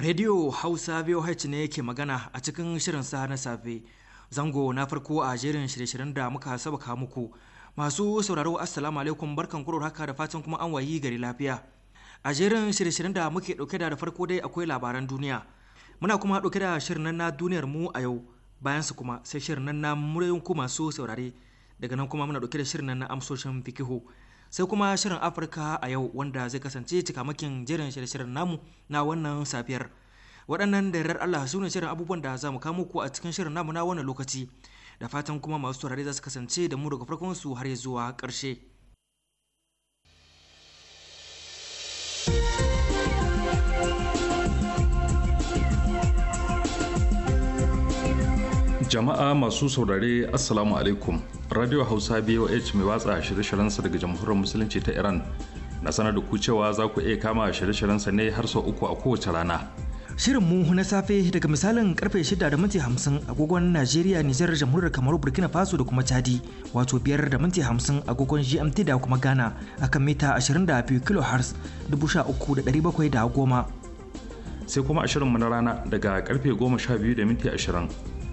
Radio Hausa VOH ne yake magana a cikin shirin sa na safe. Zango na farko a jerin shirye-shiryen da muka sabaka muku. Masu sauraro Assalamu alaikum barkan kuro haka da fatan kuma an wayi gari lafiya. A jerin shirye-shiryen da muke dauke da da farko dai akwai labaran duniya. Muna kuma dauke da shirin na duniyar mu a yau. Bayan su kuma sai shirin na muryoyin ku masu saurare. Daga nan kuma muna dauke da shirin na amsoshin fikihu. sai kuma shirin afirka a yau wanda zai kasance cikamakin jerin shirye-shiryen namu na wannan safiyar waɗannan da yarar allah su ne shirin abubuwan da za mu kamo ku a cikin shirin namu na wannan lokaci da fatan kuma masu turare za su kasance da mu daga farkon su har zuwa ƙarshe. jama'a masu saurare assalamu alaikum radio hausa boh mai watsa shirye-shiryensa daga jamhuriyar musulunci ta iran na sanar da ku cewa za ku iya kama shirye sa ne har sau uku a kowace rana shirin mu na safe daga misalin karfe 6 da minti 50 agogon najeriya nijar jamhuriyar kamaru burkina faso da kuma chadi wato 5 da minti 50 agogon gmt da kuma ghana akan mita 22 kilohertz 13710 sai kuma a mu na rana daga karfe 12 da minti 20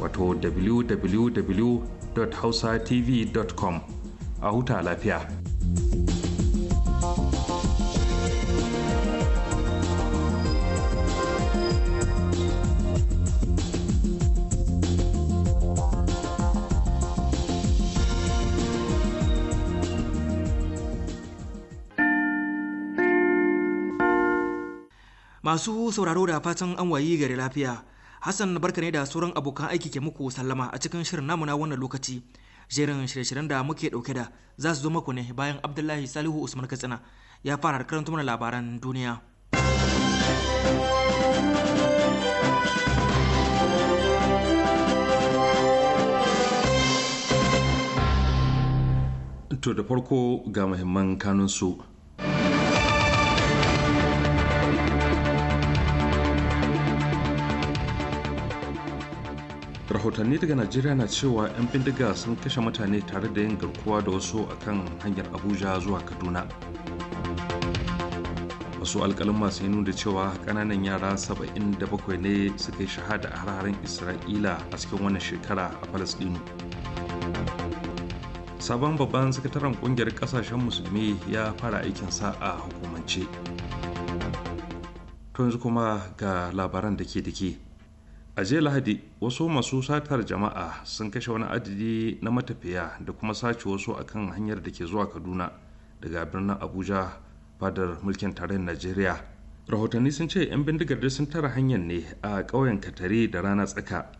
wato www.hausatv.com a huta lafiya. Masu sauraro da fatan an wayi gari lafiya. Hassan barka ne da sauran abokan aiki ke muku sallama a cikin shirin namu na wannan lokaci. Jerin shirye-shiryen da muke dauke da za su zo muku ne bayan Abdullahi Salihu Usman Katsina ya fara karanta mana labaran duniya. To da farko ga muhimman kanunsu. su rahotanni daga najeriya na cewa 'yan bindiga sun kashe mutane tare da yin garkuwa da wasu akan hanyar abuja zuwa kaduna wasu alkalin masu yi nuna cewa kananan yara 77 ne suka yi shahada a hararen isra'ila a cikin wannan shekara a falasdino sabon babban sakataren kungiyar kasashen musulmi ya fara aikinsa a hukumance to yanzu kuma ga labaran da ke da ke. a jiya lahadi wasu masu satar jama'a sun kashe wani adadi na matafiya da kuma sace wasu akan hanyar da ke zuwa kaduna daga birnin abuja fadar mulkin tarayyar najeriya rahotanni sun ce 'yan bindigar da sun tara hanyar ne a ƙauyen katare da rana tsaka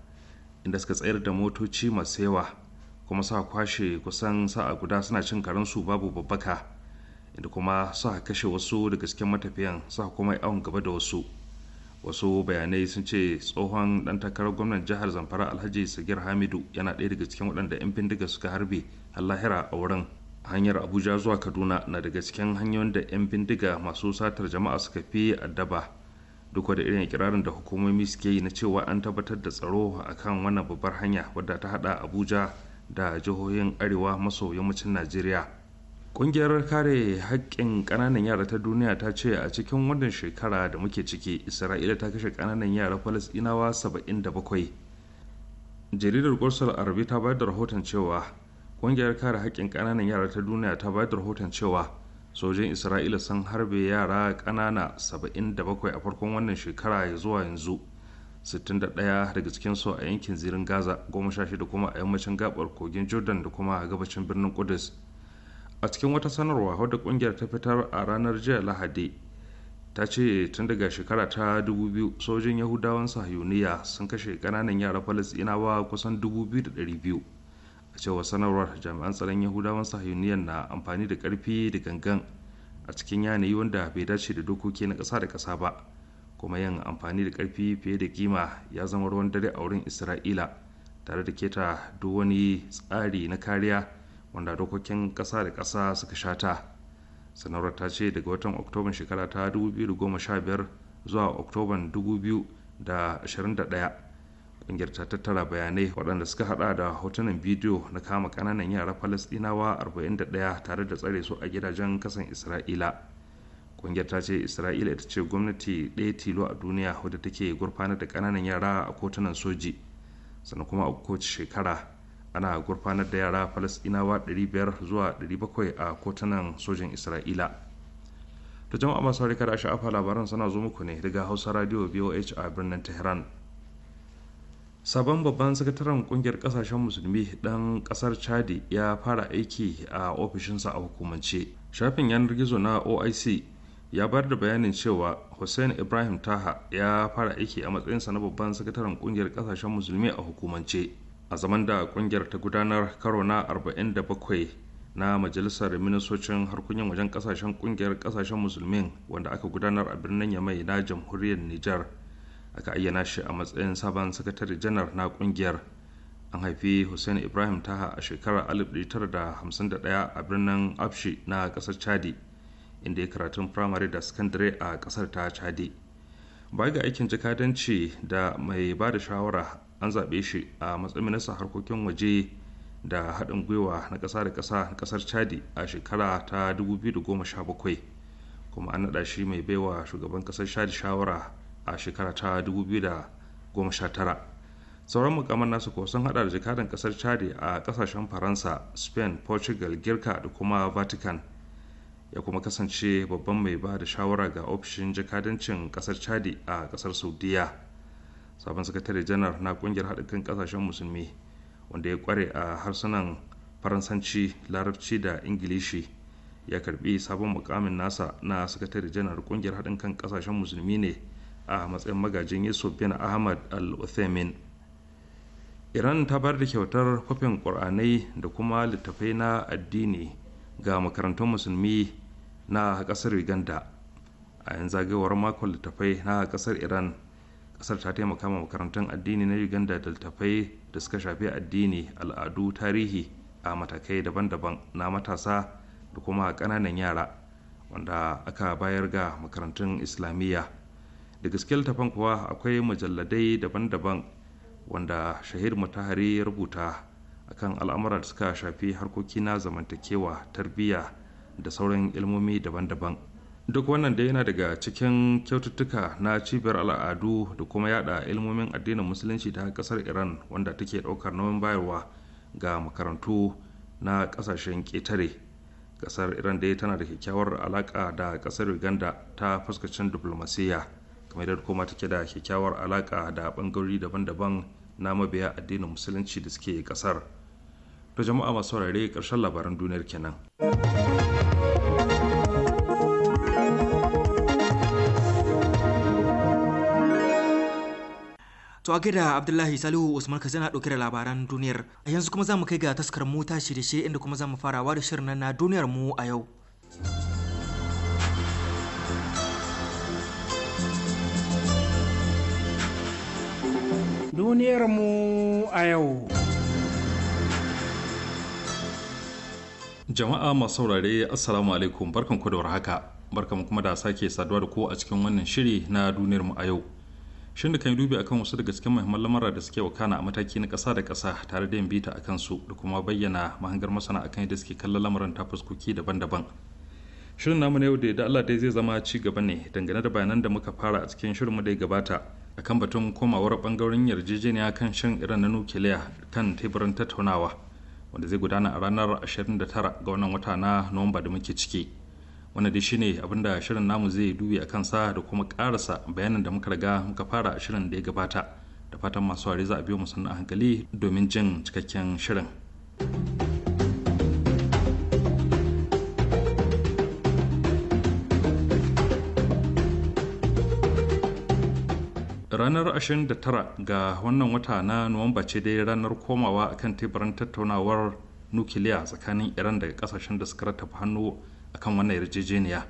inda suka tsayar da motoci masu yawa kuma sa kwashe kusan sa'a guda suna cin karensu babu babbaka inda kuma sa kashe wasu daga cikin matafiyan sa kuma awon gaba da wasu wasu bayanai sun ce tsohon dan takarar gwamnan jihar zamfara alhaji sagir hamidu yana ɗaya daga cikin waɗanda 'yan bindiga suka harbe lahira a wurin hanyar abuja zuwa kaduna na daga cikin hanyoyin da 'yan bindiga masu satar jama'a suka fi addaba duk da irin kirarin da hukumomi suke yi na cewa an tabbatar da tsaro a kan wannan babbar hanya wadda ta hada abuja da jihohin arewa maso yammacin najeriya Ƙungiyar kare haƙƙin ƙananan yara ta duniya ta ce a cikin wannan shekara da muke ciki Isra'ila ta kashe ƙananan yara Falasɗinawa 77. Jaridar Gursal Arabi ta bayar da rahoton cewa Ƙungiyar kare haƙƙin ƙananan yara ta duniya ta bayar da rahoton cewa sojin Isra'ila sun harbe yara ƙanana 77 a farkon wannan shekara ya zuwa yanzu. 61 daga cikin su a yankin zirin Gaza, 16 kuma a yammacin gabar kogin Jordan da kuma a gabacin birnin Kudus. a cikin wata sanarwa wadda kungiyar ta fitar a ranar jiya lahadi ta ce tun daga shekara ta 2000 sojin yahudawan sahiyuniya sun kashe kananan yara falasinawa kusan 2,200 a cewar sanarwar jami'an tsaron yahudawan sahayuniya na amfani da karfi da gangan a cikin yanayi wanda bai dace da dokoki na ƙasa da ƙasa ba kuma yin amfani da karfi fiye da kima ya zama ruwan dare a wurin isra'ila tare da keta duk wani tsari na kariya wanda dokokin ƙasa da ƙasa suka shata sanarwar ta ce daga watan oktoban shekara ta 2015 zuwa oktoban 2021 ƙungiyar ta tattara bayanai waɗanda suka hada da hotunan bidiyo na kama ƙananan yara falasɗinawa 41 tare da tsare su a gidajen ƙasan isra'ila ƙungiyar ta ce isra'ila ita ce gwamnati ɗaya tilo a duniya wadda take gurfanar da ƙananan yara a kotunan soji sannan kuma a kowace shekara ana gurfanar da yara falasɗinawa 500 zuwa 700 a kotunan sojin isra'ila ta jama'a masu harika da sha'afa labaran suna zo muku ne daga hausa radio voh a birnin tehran sabon babban sakataren kungiyar kasashen musulmi dan kasar chadi ya fara aiki a ofishinsa a hukumance shafin yanar gizo na oic ya bayar da bayanin cewa hussein ibrahim taha ya fara aiki a matsayinsa na babban sakataren kungiyar kasashen musulmi a hukumance a zaman da kungiyar ta gudanar karo na 47 na majalisar ministocin Harkunyan wajen kasashen kungiyar kasashen musulmi wanda aka gudanar a birnin yamai na jamhuriyar niger aka ayyana shi a matsayin sabon sakatare janar na kungiyar an haifi hussein ibrahim taha a shekarar 1951 a birnin abshi na kasar chadi inda ya karatun firamare da sakandare a kasar ta chadi baya ga aikin jikadanci da mai ba da shawara an zaɓe shi a matsayin ministan harkokin waje da haɗin gwiwa na ƙasa da ƙasa na ƙasar chadi a shekara ta 2017 kuma an naɗa shi mai baiwa shugaban ƙasar chadi shawara a shekara ta 2019 sauran mukamman nasu ko sun haɗa da jakadan ƙasar chadi a ƙasashen faransa spain portugal girka da kuma vatican ya kuma kasance babban mai ba da shawara ga ofishin jakadancin ƙasar chadi a ƙasar saudiya sabon sakatare janar na kungiyar haɗin kan kasashen musulmi wanda ya kware a harsunan faransanci larabci da ingilishi ya karbi sabon mukamin nasa na sakatare janar kungiyar haɗin kan ƙasashen musulmi ne a matsayin magajin yusuf bin ahmad al uthaymin iran ta bayar da kyautar kwafin ƙur'anai da kuma littattafai na addini ga makarantun musulmi na ƙasar uganda a yan zagayowar makon littattafai na ƙasar iran kasar ta taimaka ma makarantun addini na uganda da littattafai da suka shafi addini al'adu tarihi a matakai daban-daban na matasa da kuma kananan yara wanda aka bayar ga makarantun islamiyya da gaske littafan kuwa akwai mujalladai daban-daban wanda shahid mutahari ya rubuta akan al'amuran da suka shafi harkoki na zamantakewa tarbiyya da sauran ilmomi daban-daban duk wannan da yana daga cikin kyaututtuka na cibiyar al'adu da kuma yada ilmomin addinin musulunci ta kasar iran wanda take daukar nauyin bayarwa ga makarantu na kasashen ƙetare kasar iran dai tana da kyakkyawar alaka da kasar uganda ta fuskacin diplomasiyya kamar da kuma take da kyakkyawar alaka da bangarori daban-daban na mabiya addinin musulunci da suke kasar to jama'a masu saurare karshen labaran duniyar kenan To a gida Abdullahi Salihu Usman ka zana ɗauke da labaran duniyar. A yanzu kuma za mu kai ga taskar mota shirye inda kuma za mu farawa da shirin na duniyar mu a yau. Duniyar mu a yau. Jama'a masu saurare Assalamu alaikum barkan ku da warhaka. Barkan kuma da sake saduwa da ku a cikin wannan shiri na duniyar mu a yau. shin da kan yi dubi akan wasu daga cikin muhimman lamura da suke wakana a mataki na ƙasa da ƙasa tare da yin bita a su da kuma bayyana mahangar masana akan yadda suke kallon lamarin ta fuskoki daban-daban shirin namu na yau da Allah dai zai zama ci gaba ne dangane da bayanan da muka fara a cikin shirinmu da ya gabata akan batun komawar bangaren yarjejeniya kan shan irin na nukiliya kan teburin tattaunawa wanda zai gudana a ranar 29 ga wannan wata na nuwamba da muke ciki wannan dai shine abin da shirin namu zai dubi a kansa da kuma karasa bayanin da muka riga muka fara shirin da ya gabata da fatan masu ware za a biyo mu a hankali domin jin cikakken shirin ranar 29 ga wannan wata na nuwamba ce dai ranar komawa kan teburin tattaunawar nukiliya tsakanin iran daga kasashen da suka rattafa hannu akan wannan yarjejeniya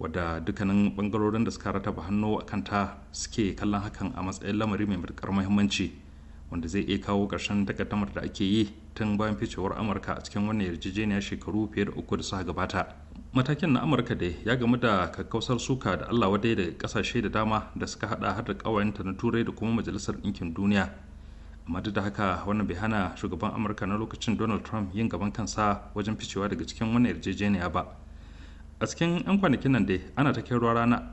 wadda dukkanin bangarorin da suka rataba hannu a kanta suke kallon hakan a matsayin lamari mai matuƙar muhimmanci wanda zai iya kawo ƙarshen takaddamar da ake yi tun bayan ficewar amurka a cikin wannan yarjejeniya shekaru fiye da uku da suka gabata matakin na amurka dai ya gamu da kakkausar suka da allah wadai daga kasashe da dama da suka hada har da ƙawayenta na turai da kuma majalisar ɗinkin duniya amma duk da haka wannan bai hana shugaban amurka na lokacin donald trump yin gaban kansa wajen ficewa daga cikin wannan yarjejeniya ba a cikin 'yan kwanakin nan dai ana ta ruwa rana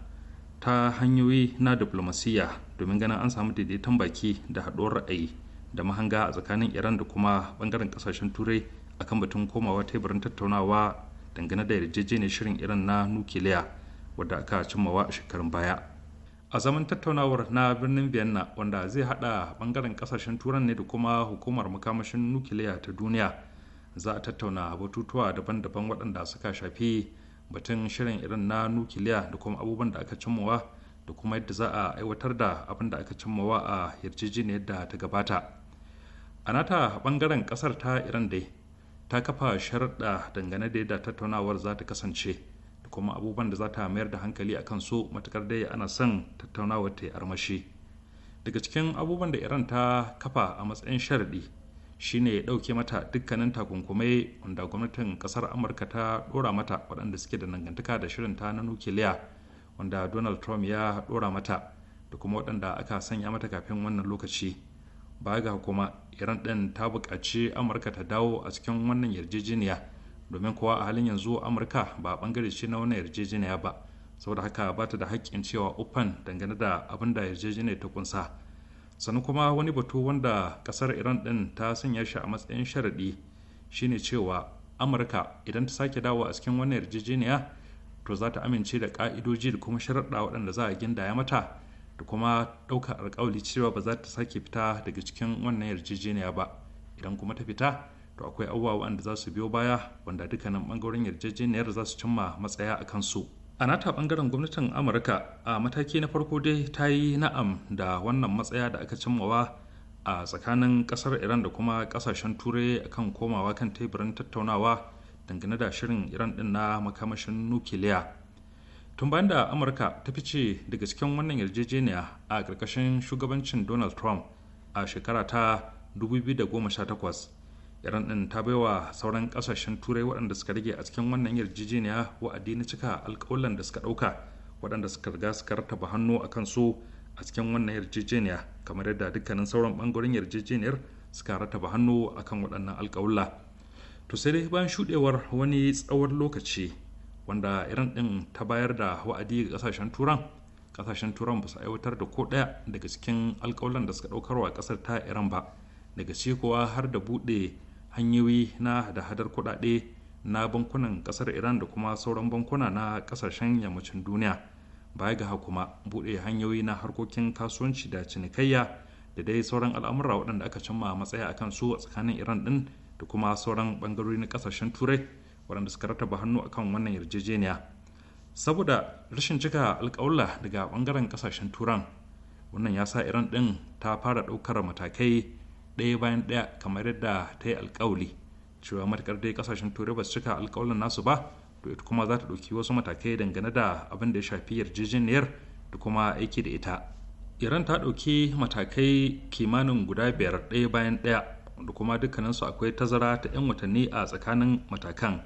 ta hanyoyi na diplomasiya domin ganin an samu daidaiton baki da haɗuwar ra'ayi da mahanga a tsakanin iran da kuma bangaren kasashen turai akan batun komawa teburin tattaunawa dangane da yarjejeniyar shirin iran na nukiliya wadda aka cimmawa a shekarun baya a zaman tattaunawar na birnin vienna wanda zai hada bangaren kasashen turan ne da kuma hukumar makamashin nukiliya ta duniya za a tattauna batutuwa daban-daban waɗanda suka shafi batun shirin irin na nukiliya da kuma abubuwan da aka cimmawa da kuma yadda za a aiwatar da abin da aka cimmawa a yarjejeniyar da ta gabata a nata bangaren kasar ta iran dai ta kafa sharaɗa dangane da yadda tattaunawar za ta kasance kuma abubuwan da za ta mayar da hankali a kan su matukar dai ana son tattaunawar ta yi armashi daga cikin abubuwan da iran ta kafa a matsayin sharaɗi shine ya ɗauke mata dukkanin takunkumai wanda gwamnatin ƙasar amurka ta ɗora mata waɗanda suke da dangantaka da shirin ta na nukiliya wanda donald trump ya ɗora mata da kuma waɗanda aka sanya mata kafin wannan lokaci baya ga kuma iran ɗin ta buƙaci amurka ta dawo a cikin wannan yarjejeniya domin kuwa a halin yanzu amurka ba a bangare ce na wani yarjejeniya ba saboda haka ba ta da haƙƙin cewa upan dangane da abin da yarjejeniya ta kunsa sannan kuma wani batu wanda ƙasar iran din ta sanya shi a matsayin sharaɗi shine cewa amurka idan ta sake dawo a cikin wannan yarjejeniya to za ta amince da ka'idoji da kuma sharaɗa waɗanda za a gindaya mata da kuma ɗaukar alkawali cewa ba za ta sake fita daga cikin wannan yarjejeniya ba idan kuma ta fita to akwai abubuwa da za su biyo baya wanda dukkanin bangaren yarjejeniyar za su cimma matsaya a kansu a nata bangaren gwamnatin amurka a mataki na farko dai ta yi na'am da wannan matsaya da aka cimmawa a tsakanin ƙasar iran da kuma ƙasashen turai kan komawa kan teburin tattaunawa dangane da shirin iran din na makamashin nukiliya tun bayan da amurka ta fice daga cikin wannan yarjejeniya a ƙarƙashin shugabancin donald trump a shekara ta 2018 iran din ta baiwa sauran kasashen turai waɗanda suka rage a cikin wannan yarjejeniya wa'adi na cika alkawalan da suka ɗauka waɗanda suka riga suka rataba hannu a kan su a cikin wannan yarjejeniya kamar yadda dukkanin sauran ɓangaren yarjejeniyar suka rataba hannu a kan waɗannan alkawalla to sai dai bayan shuɗewar wani tsawon lokaci wanda iran din ta bayar da wa'adi ga kasashen turan kasashen turan ba su aiwatar da ko ɗaya daga cikin alkawalan da suka ɗaukarwa ƙasar ta iran ba daga kuwa har da buɗe hanyoyi na hada-hadar kudade na bankunan kasar iran da kuma sauran bankuna na kasashen yammacin duniya baya ga kuma bude hanyoyi na harkokin kasuwanci da cinikayya da dai sauran al'amura waɗanda aka cimma matsaya akan su a tsakanin iran din da kuma sauran bangarori na kasashen turai waɗanda suka rataba hannu akan wannan yarjejeniya saboda rashin cika alƙawla daga ɓangaren kasashen turan wannan ya sa iran din ta fara ɗaukar matakai ɗaya bayan ɗaya kamar yadda ta yi alkawali cewa matakar dai kasashen turai ba su cika alkawalin nasu ba to ita kuma za ta ɗauki wasu matakai dangane da abin da ya shafi yarjejeniyar da kuma aiki da ita iran ta ɗauki matakai kimanin guda biyar ɗaya bayan ɗaya da kuma dukkaninsu akwai tazara ta 'yan watanni a tsakanin matakan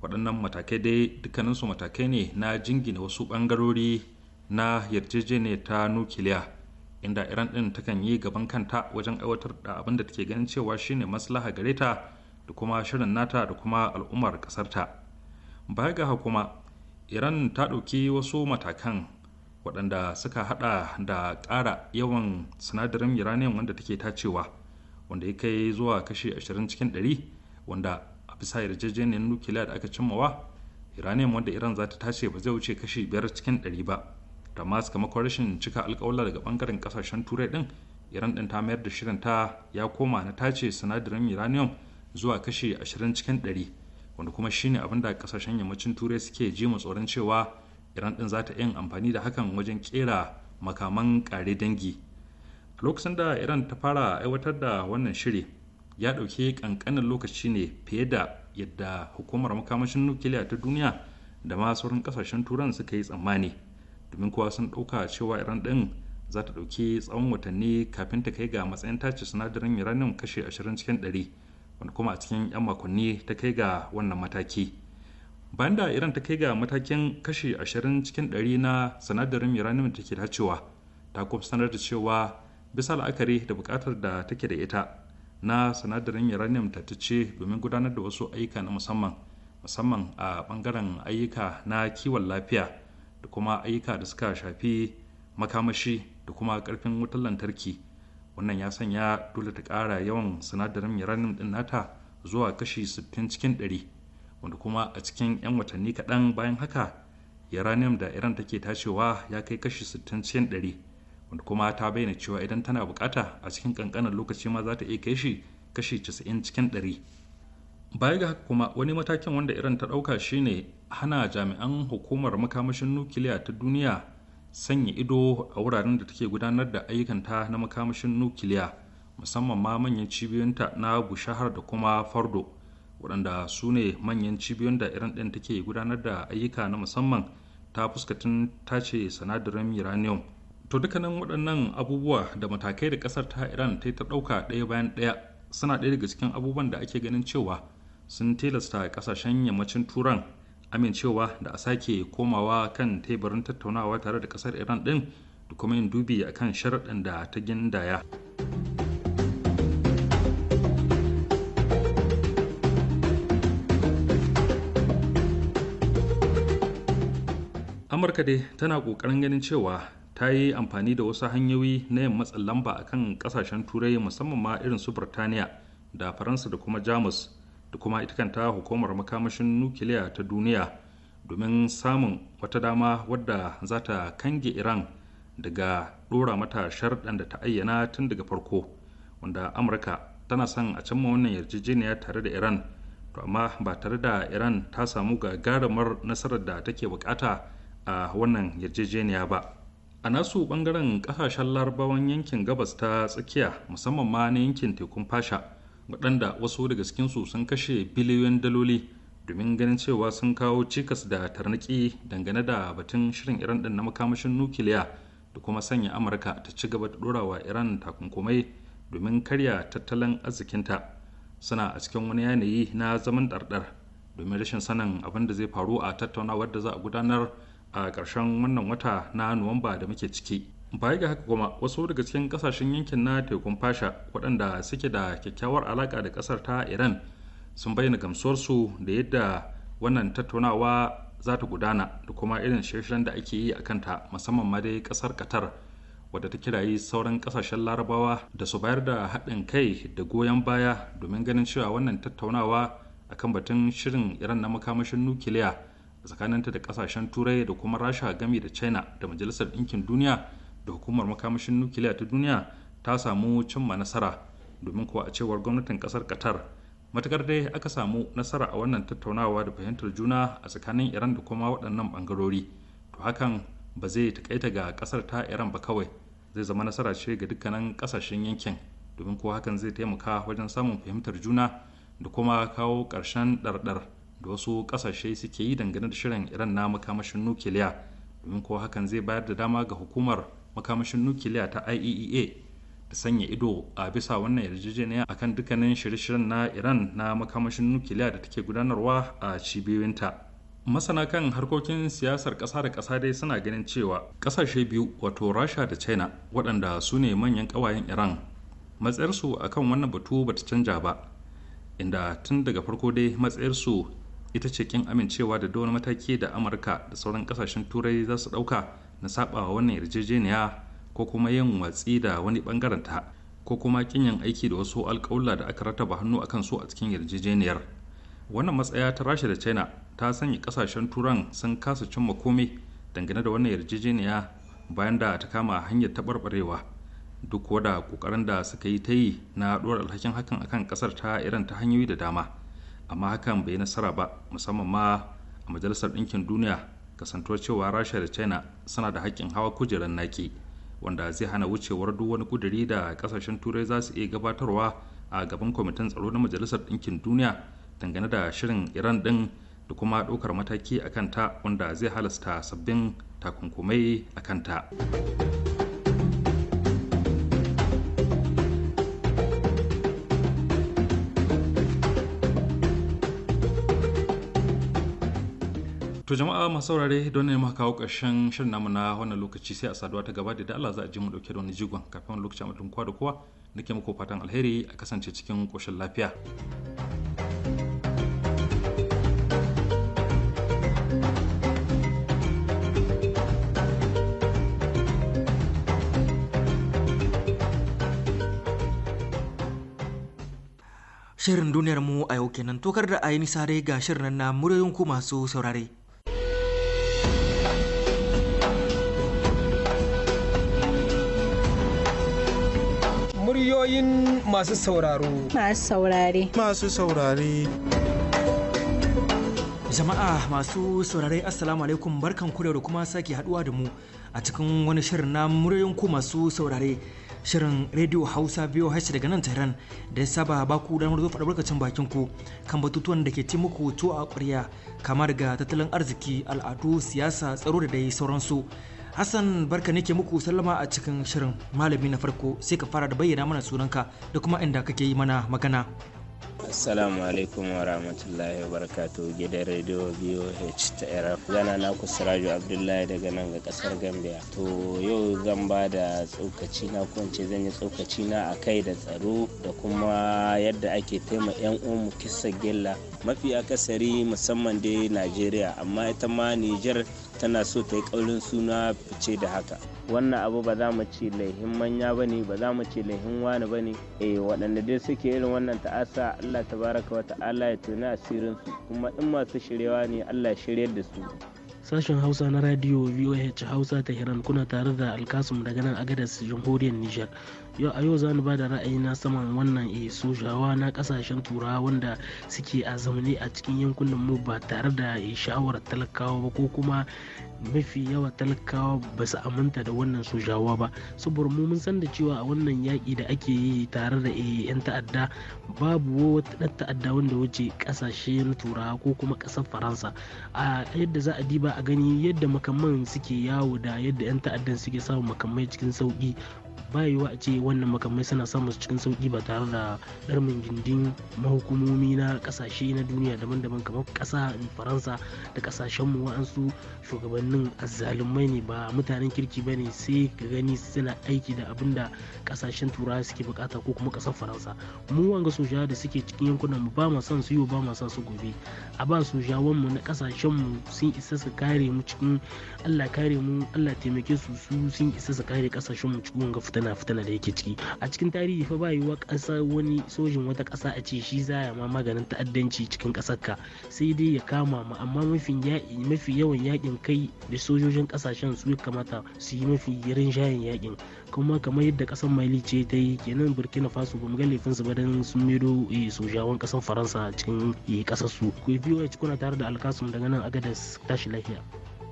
waɗannan matakai dai dukkaninsu matakai ne na jingina wasu ɓangarori na yarjejeniyar ta nukiliya inda iran din takan yi gaban kanta wajen aiwatar da abin da take ganin cewa shine maslaha gare ta da kuma shirin nata da kuma al'ummar kasarta baya ga kuma iran ta ɗauki wasu matakan waɗanda suka hada da ƙara yawan sinadarin uranium wanda take tacewa wanda ya kai zuwa kashi 20 cikin 100 wanda a bisa yarjejeniyar nukiliya da aka cimmawa iranium wanda iran za ta tace ba zai wuce kashi 5 cikin 100 ba da amma kama rashin cika alkawalla daga bangaren kasashen turai din iran din ta mayar da shirin ta ya koma na tace sinadarin uranium zuwa kashe 20 cikin 100 wanda kuma shine abin da kasashen yammacin turai suke ji tsoron cewa iran din za ta yin amfani da hakan wajen kera makaman kare dangi a lokacin da iran ta fara aiwatar da wannan shiri ya dauke kankanin lokaci ne fiye da yadda hukumar makamashin nukiliya ta duniya da ma sauran kasashen turan suka yi tsammani domin kuwa sun ɗauka cewa iran ɗin za ta ɗauki tsawon watanni kafin ta kai ga matsayin tace sinadarin uranium kashe 20 cikin 100 wanda kuma a cikin 'yan makonni ta kai ga wannan mataki bayan da iran ta kai ga matakin kashe 20 cikin 100 na sinadarin uranium da ke dacewa ta kuma sanar da cewa bisa la'akari da bukatar da take da ita na sinadarin uranium ta ce domin gudanar da wasu ayyuka na musamman musamman a ɓangaren ayyuka na kiwon lafiya da kuma ayyuka da suka shafi makamashi da kuma karfin wutar lantarki wannan ya sanya dole ta ƙara yawan sinadarin uranium din nata zuwa kashi 60 cikin 100 wanda kuma a cikin 'yan watanni kaɗan bayan haka uranium da iran take tashewa ya kai kashi 60 cikin 100 wanda kuma ta bayyana cewa idan tana bukata a cikin kankanin lokaci ma za ta iya kai shi kashi 90 cikin 100 baya ga haka kuma wani matakin wanda iran ta ɗauka shine hana jami'an hukumar makamashin nukiliya ta duniya sanya ido a wuraren da take gudanar da ayyukanta na makamashin nukiliya musamman ma manyan cibiyoyinta na bushahar da kuma fardo waɗanda su ne manyan cibiyoyin da iran ɗin take gudanar da ayyuka na musamman ta fuskatin tace sinadarin uranium to dukkanin waɗannan abubuwa da matakai da ƙasar ta iran ta ta ɗauka ɗaya bayan ɗaya suna ɗaya daga cikin abubuwan da ake ganin cewa sun tilasta kasashen yammacin turan amincewa da a sake komawa kan teburin tattaunawa tare da kasar iran din da kuma yin dubi a kan sharaɗin da ta gindaya amurka dai tana ƙoƙarin ganin cewa ta yi amfani da wasu hanyoyi na yin matsin lamba a kan ƙasashen turai musamman ma irin su burtaniya da faransa da kuma jamus da kuma ita kanta hukumar makamashin nukiliya ta duniya domin samun wata dama wadda za ta kange iran daga ɗora mata sharɗan da ta ayyana tun daga farko wanda amurka tana son a canma wannan yarjejeniya tare da iran to amma ba tare da iran ta samu gagarumar nasarar da take bukata a wannan yarjejeniya ba a nasu ɓangaren kasashen larabawan yankin gabas ta tsakiya musamman ma na yankin tekun fasha waɗanda wasu daga cikinsu sun kashe biliyoyin daloli domin ganin cewa sun kawo cikas da tarniki dangane da batun shirin iran ɗin na makamashin nukiliya da kuma sanya amurka ta ci gaba da ɗorawa iran takunkumai domin karya tattalin arzikinta suna a cikin wani yanayi na zaman ɗarɗar domin rashin sanin abin da zai faru a tattaunawar da za a gudanar a ƙarshen wannan wata na nuwamba da muke ciki baya ga haka kuma wasu daga cikin kasashen yankin na tekun fasha waɗanda suke da kyakkyawar alaka da ƙasar ta iran sun bayyana gamsuwarsu da yadda wannan tattaunawa za ta gudana da kuma irin shirye da ake yi a kanta musamman ma dai ƙasar qatar wadda ta kirayi sauran ƙasashen larabawa da su bayar da haɗin kai da goyon baya domin ganin cewa wannan tattaunawa akan batun shirin iran na makamashin nukiliya tsakaninta da ƙasashen turai da kuma rasha gami da china da majalisar ɗinkin duniya da hukumar makamashin nukiliya ta duniya ta samu cimma nasara domin kuwa a cewar gwamnatin kasar qatar matakar dai aka samu nasara a wannan tattaunawa da fahimtar juna a tsakanin iran da kuma waɗannan bangarori to hakan ba zai takaita ga ƙasar ta iran ba kawai zai zama nasara ce ga dukkanin ƙasashen yankin domin kuwa hakan zai taimaka wajen samun fahimtar juna da kuma kawo ƙarshen ɗarɗar da wasu ƙasashe suke yi dangane da shirin iran na makamashin nukiliya domin kuwa hakan zai bayar da dama ga hukumar makamashin nukiliya ta IEA e da sanya ido a bisa wannan yarjejeniya akan dukkanin shirye-shiryen na iran na makamashin nukiliya da take gudanarwa a cibiyoyinta masana kan harkokin siyasar ƙasa da ƙasa dai suna ganin cewa ƙasashe biyu wato rasha da china waɗanda su ne manyan ƙawayen iran matsayarsu a kan wannan batu ba ta canja ba inda tun daga farko dai matsayarsu ita ce kin amincewa da wani mataki da amurka da sauran ƙasashen turai za su ɗauka na wa wannan yarjejeniya ko kuma yin watsi da wani bangaren ta ko kuma kinyan aiki da wasu alƙawla da aka rataba hannu akan su a cikin yarjejeniyar wannan matsaya ta rasha da china ta sanya kasashen turan sun kasa cin makomi dangane da wannan yarjejeniya bayan da ta kama hanyar taɓarɓarewa duk da ƙoƙarin da suka yi ta yi na ɗora alhakin hakan akan ƙasar ta iran ta hanyoyi da dama amma hakan bai yi nasara ba musamman ma a majalisar ɗinkin duniya kasantuwar cewa rasha da china suna da hakkin hawa kujerar naki wanda zai hana wucewar duk wani kuduri da kasashen turai za su iya gabatarwa a gaban kwamitin tsaro na majalisar ɗinkin duniya dangane da shirin iran ɗin da kuma ɗaukar mataki a kanta wanda zai halasta sabbin takunkumai a kanta. To jama'a masu saurare don ne maka kawo ƙarshen shirin namu na wannan lokaci sai a saduwa ta gaba da da Allah za a ji mu dauke da wani jigon kafin lokaci mutum kowa da kowa nake muku fatan alheri a kasance cikin koshin lafiya. Shirin duniyar mu a yau kenan tokar da a yi sare ga shirin na muryoyin ku masu saurare. ra'ayoyin masu sauraro. Masu saurare. Masu saurare. Jama'a masu saurare Assalamu alaikum barkan ku da kuma sake haduwa da mu a cikin wani shirin na muryoyin ku masu saurare. Shirin Radio Hausa biyo hashi daga nan Tehran da ya saba ba ku damar zo faɗa barkacin bakin ku kan batutuwan da ke ci muku tuwo a ƙwarya kama daga tattalin arziki, al'adu, siyasa, tsaro da dai sauransu. Hassan barka nake muku sallama a cikin shirin malami na farko sai ka fara da bayyana mana sunanka da kuma inda kake yi mana magana. Assalamu alaikum wa rahmatullahi wa barakatuh gidan rediyo BOH ta era Gana na ku Siraju Abdullahi daga nan ga kasar Gambia. To yau zan ba da tsokaci na kwance zan yi tsokaci na a kai da tsaro da kuma yadda ake taima yan uwanmu kisa gilla. Mafi akasari musamman dai Najeriya amma ita ma Nijar tana so ta yi ƙaurin suna fice da haka wannan abu ba za mu ce laihin manya ba ne ba za mu ce laihin wani ba ne eh waɗanda dai suke irin wannan ta'asa allah baraka wa ta'ala ya tuni su kuma in masu shirewa ne allah shiryar da su sashen hausa na radio voh hausa ta hiran kuna tare da alkasum daga nan agadas jamhuriyar nijar yau a yau za ni ra'ayi ra'ayina saman wannan e sojawa na kasashen turawa wanda suke a zamani a cikin yankunan mu ba tare da eh, sha'awar talakawa ba ko kuma mafi yawa talakawa ba su aminta da wannan sojawa ba saboda mu mun san da cewa a wannan yaƙi da ake yi tare da 'yan eh, ta'adda babu wata ɗan ta'adda wanda wuce ƙasashe na turawa ko kuma ƙasar faransa a yadda za a diba a gani yadda makamman suke yawo da yadda 'yan ta'addan suke samun makamai cikin sauƙi ba yiwuwa a ce wannan makamai suna samun cikin sauki ba tare da ɗarmin gindin mahukumomi na ƙasashe na duniya daban-daban kamar ƙasa faransa da ƙasashenmu wa'ansu shugabannin azzalumai ne ba mutanen kirki ba ne sai ka gani suna aiki da abin da ƙasashen turawa suke bukata ko kuma ƙasar faransa mu wanga soja da suke cikin yankunan mu ba mu son su yau ba mu san su gobe a ba sojawan mu na ƙasashen mu sun isa su kare mu cikin Allah kare mu Allah taimake su su sun isa su kare ƙasashen mu cikin wanga fitar fitina fitina da yake ciki a cikin tarihi fa ba wa ƙasa wani sojin wata ƙasa a ce shi za ya ma maganin ta'addanci cikin ƙasar ka sai dai ya kama ma amma mafi yawan yakin kai da sojojin ƙasashen su kamata su yi mafi girin shayin yakin kuma kamar yadda ƙasar mali ce ta yi kenan burkina faso ba mu ga laifin ba don sun medo eh, sojawan ƙasar faransa cikin eh, ƙasar su ku biyo kuna tare da alkasum daga nan agadas tashi lafiya.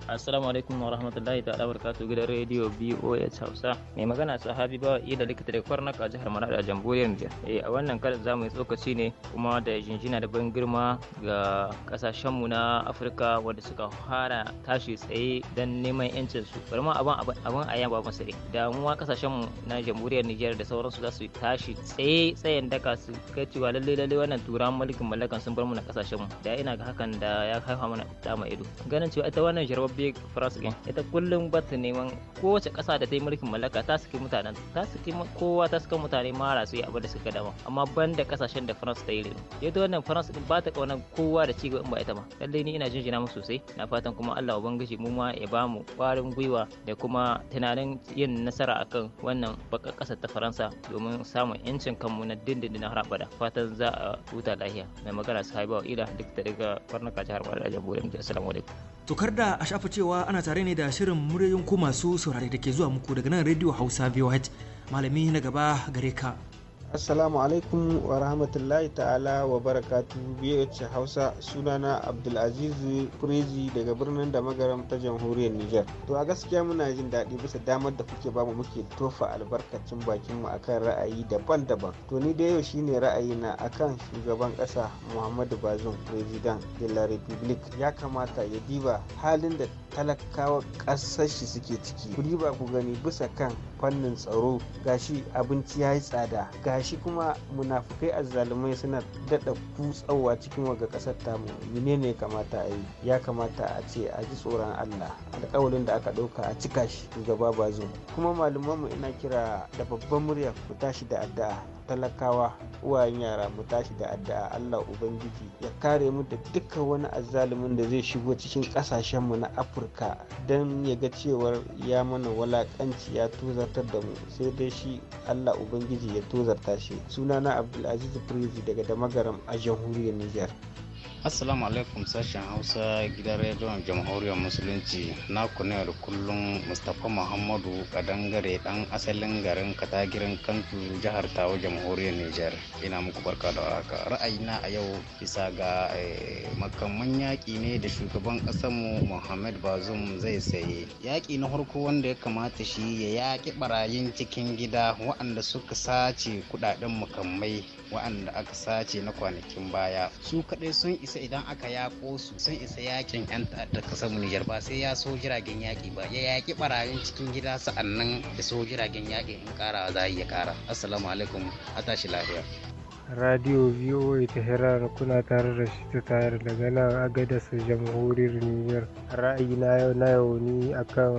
assalamu alaikum wa rahmatullahi ta'ala barakatuh gidan rediyo boh hausa mai magana sahabi ba ida likita da kwarnak a jihar marada a jamhuriyar nijar eh a wannan karin zamu yi tsokaci ne kuma da jinjina da ban girma ga kasashenmu na afirka wanda suka fara tashi tsaye dan neman yancin su bari ma abin abin a yaba masa ne da mu ma kasashenmu na jamhuriyar nijar da sauransu za su tashi tsaye tsayin daka su kai cewa lalle lalle wannan turan mulkin mallakan sun bar mu na kasashenmu da ina ga hakan da ya haifa mana da ido ganin cewa ita wannan jarabar big france game ita kullum ba ta neman kowace ƙasa da ta yi mulkin mallaka ta saki mutanen ta saki kowa ta saka mutane mara su yi abu da suka dama amma ban da ƙasashen da france ta yi rinu ta wannan france ba ta ƙaunar kowa da cigaba in ba ita ma lallai ni ina jinjina musu sosai na fatan kuma allah ubangiji mu ma ya ba mu ƙwarin gwiwa da kuma tunanin yin nasara akan wannan baka ƙasar ta faransa domin samun yancin kanmu na dindindin har abada fatan za a huta lahiya mai magana su haibawa ila duk da daga farnaka jihar Bada jamhuriyar salamu alaikum. Tukar da a shafi sha'afa cewa ana tare ne da shirin muryoyin ku masu saurari da ke zuwa muku daga nan Radio Hausa VOH. Malami na gaba gare ka. assalamu alaikum wa rahmatullahi ta'ala wa barakatu bh hausa sunana abdulaziz kureji daga birnin da magaram ta jamhuriyar niger to a gaskiya muna jin daɗi bisa damar da kuke bamu muke tofa albarkacin bakinmu akan ra'ayi daban-daban to ni da yau shine ra'ayi na akan shugaban ƙasa muhammadu bazum president de la republic ya kamata ya diba halin da talakawa ƙasar shi suke ciki ku diba ku gani bisa kan fannin tsaro gashi abinci ya yi tsada ga gashi kuma munafukai azzalumai suna daɗa kutsawa cikin waga ƙasar tamu mene ne kamata a yi ya kamata a ce a ji tsoron allah alƙawalin da aka ɗauka a cika shi shugaba bazo kuma malumanmu ina kira da babban murya ku tashi da addu'a talakawa uwayen yara mu tashi da addu'a Allah ubangiji ya kare mu da dukkan wani azzalumin da zai shigo cikin kasashen mu na Afirka dan ya ga cewar ya mana walakanci ya tozartar da mu sai dai shi Allah ubangiji ya tozarta shi sunana Abdulaziz Prezi daga Damagaram a jamhuriyar Niger assalamu alaikum sashen hausa gidan rediyon jamhuriyar musulunci na kuna kullum mustapha muhammadu kadangare dan asalin garin katagirin kantu jihar tawo jamhuriyar niger ina muku barka da warhaka ra'ayina a yau bisa ga eh, makamman yaƙi ne da shugaban ƙasarmu muhammad bazum zai saye yaƙi na farko wanda ya kamata shi ya yaƙi barayin cikin gida waɗanda suka sace kuɗaɗen makamai waɗanda aka sace na kwanakin baya su kaɗai sun isa idan aka yaƙo su sun isa yakin 'yan ta'addar ƙasar Nijar ba sai ya so jiragen yaƙi ba ya yaƙi ɓarayin cikin gida sa'annan ya so jiragen yaƙi in ƙara za ya ƙara assalamu alaikum a tashi lafiya. radio voa tehran kuna tare da shi ta tayar daga nan agadasa jamhuriyar niger ra'ayina yau na yau ni akan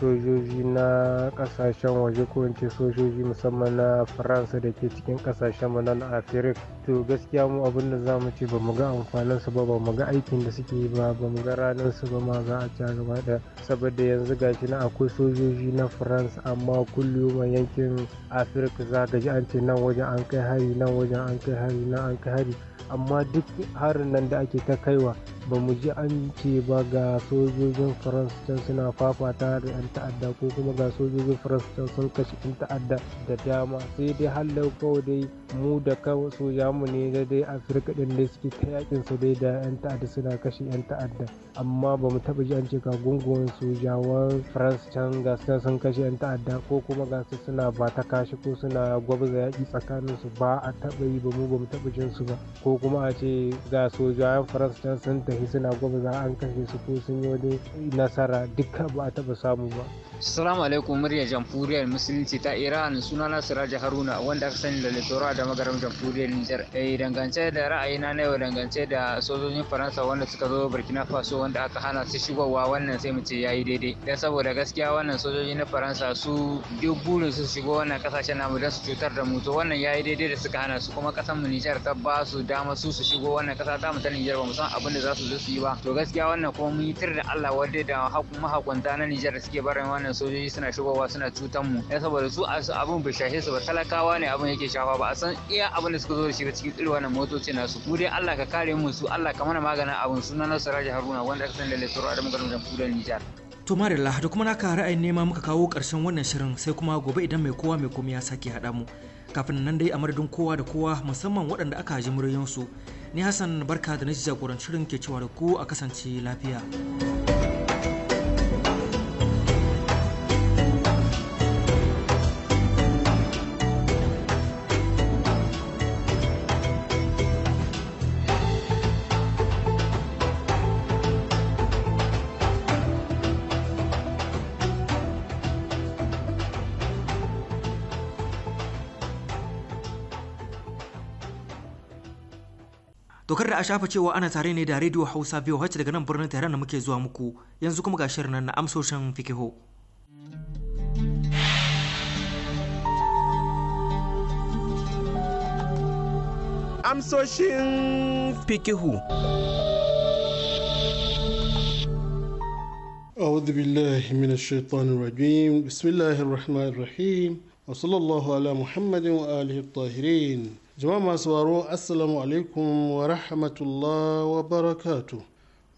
sojoji na kasashen waje ko in ce sojoji musamman na faransa da ke cikin kasashen mu na afirik to gaskiya mu abin da zamu ce ba mu ga amfanin su ba ba mu ga aikin da suke yi ba ba mu ga ranar su ba ma za a ci gaba da saboda yanzu gashi na akwai sojoji na faransa amma kullum a yankin afirik za ka ji an ce nan wajen an kai hari hari nan wajen an kai hari nan an kai hari amma duk harin nan da ake ta kaiwa ba mu ji an ce ba ga sojojin faransa can suna fafata da 'yan ta'adda ko kuma ga sojojin faransa can sun kashe 'yan ta'adda da dama sai dai halar kawai dai mu da kawai sojamu ne da dai afirka din da suke ta yakin su dai da 'yan ta'adda suna kashe 'yan ta'adda amma ba mu taba ji an ce ga gungun sojawan faransa can ga sun kashe 'yan ta'adda ko kuma ga su suna ba ta kashi ko suna gwabza yaki tsakanin su ba a taba yi ba mu ba mu taba jin su ba ko kuma a ce ga sojawan faransa can sun ta gahi suna za an kashe su ko sun yi wani nasara duka ba a taba samu ba. Assalamu alaikum murya jamhuriyar musulunci ta Iran suna na Siraja Haruna wanda aka sani da litora da magaram jamhuriyar Nijar. Eh dangance da ra'ayina na yau dangance da sojojin Faransa wanda suka zo Burkina Faso wanda aka hana su shigowa wannan sai mu ce yayi daidai. Dan saboda gaskiya wannan sojoji na Faransa su duk burin su shigo wannan kasashen namu don su cutar da mu to wannan yayi daidai da suka hana su kuma kasan mu Nijar ta ba su dama su su shigo wannan kasa ta mu ta Nijar ba mu san abin da za su shiga su yi ba to gaskiya wannan kuma mun yi tir da Allah wadda da mahakunta na Nijar da suke barin wannan sojoji suna shigowa suna cutan mu dan saboda su abun bai shahe su ba talakawa ne abun yake shafa ba a san iya abun da suka zo da shi cikin irin wannan motoci su mu dai Allah ka kare mu su Allah ka mana maganin abun na Saraji Haruna wanda aka san da Lesoro Adamu Garin Jamhuriyar Nijar To Marilla, da kuma naka ra'ayin nema muka kawo ƙarshen wannan shirin sai kuma gobe idan mai kowa mai komai ya sake hada mu. Kafin nan dai a madadin kowa da kowa musamman waɗanda aka ji muryoyinsu ni hassan barka da na shirin ke cewa da ku a kasance lafiya Dokar da a shafa cewa ana tare ne da Radio Hausa VOH daga nan birnin Tehran da muke zuwa muku yanzu kuma ga shirin nan na amsoshin fikiho. Amsoshin fikihu. أعوذ بالله من الشيطان الرجيم بسم الله الرحمن الرحيم وصلى الله على محمد وآله الطاهرين jama'a masu waro assalamu alaikum wa rahmatullah wa barakatu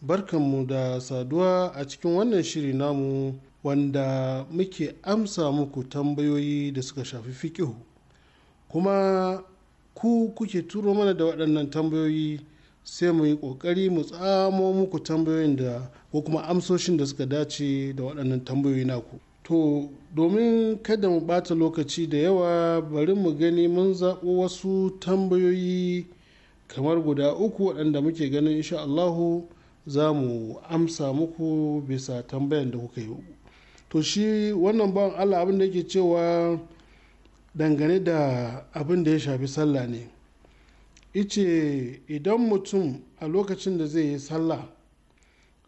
barkanmu da saduwa a cikin wannan shiri namu wanda muke amsa muku tambayoyi da suka shafi fikihu kuma ku kuke turo mana da waɗannan tambayoyi sai mu yi ƙoƙari mu tsamo muku tambayoyin da ko kuma amsoshin da suka dace da waɗannan tambayoyi naku to domin kada mu ɓata lokaci da yawa bari mu gani mun zaɓo wasu tambayoyi kamar guda uku waɗanda muke ganin insha Allahu za mu amsa muku bisa tambayan da kuka yi to shi wannan bawan Allah abin da yake cewa dangane da abin da ya shafi sallah ne ice idan mutum a lokacin da zai yi sallah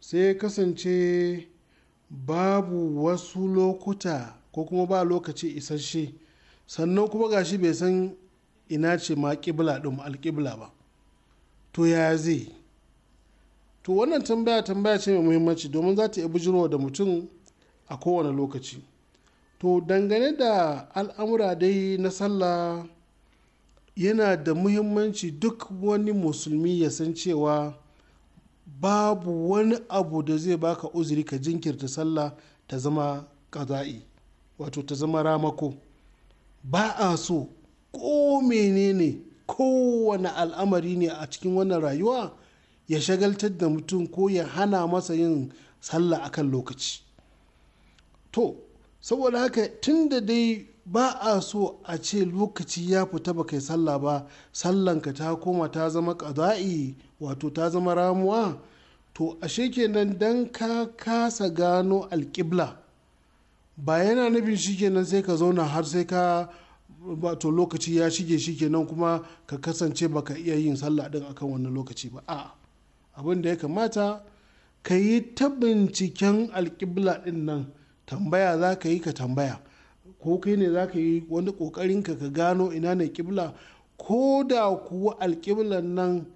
sai ya kasance babu wasu lokuta ko kuma ba lokaci isasshe sannan kuma gashi bai san ina ce ma kibla ɗin alƙibla ba to ya zai to wannan tambaya tambaya ce mai muhimmanci domin za ta iya bujirwa da mutum a kowane lokaci to dangane da al'amura dai na sallah yana da muhimmanci duk wani musulmi ya san cewa babu wani abu da zai baka uzuri ka jinkirta sallah ta zama kaza'i wato ta zama ramako ba a so ko menene kowane al'amari ne a cikin wannan rayuwa ya shagaltar da mutum ko ya hana masa yin sallah akan lokaci to saboda haka tun da dai ba a so a ce lokaci ya fita ba kai sallah ba sallanka ta koma ta zama ƙaza'i wato ta zama ramuwa to ashe kenan don ka kasa gano alƙibla ba yana nufin shikenan sai ka zauna har sai ka wato lokaci ya shige shikenan kuma ka kasance ba ka iya yin sallah din akan wannan lokaci ba a abin da ya kamata ka yi ta binciken alƙibla din nan tambaya za ka yi ka tambaya ko kai ne za ka yi wani kokarin ka gano ina ne kibla ko da kuwa alkiblar nan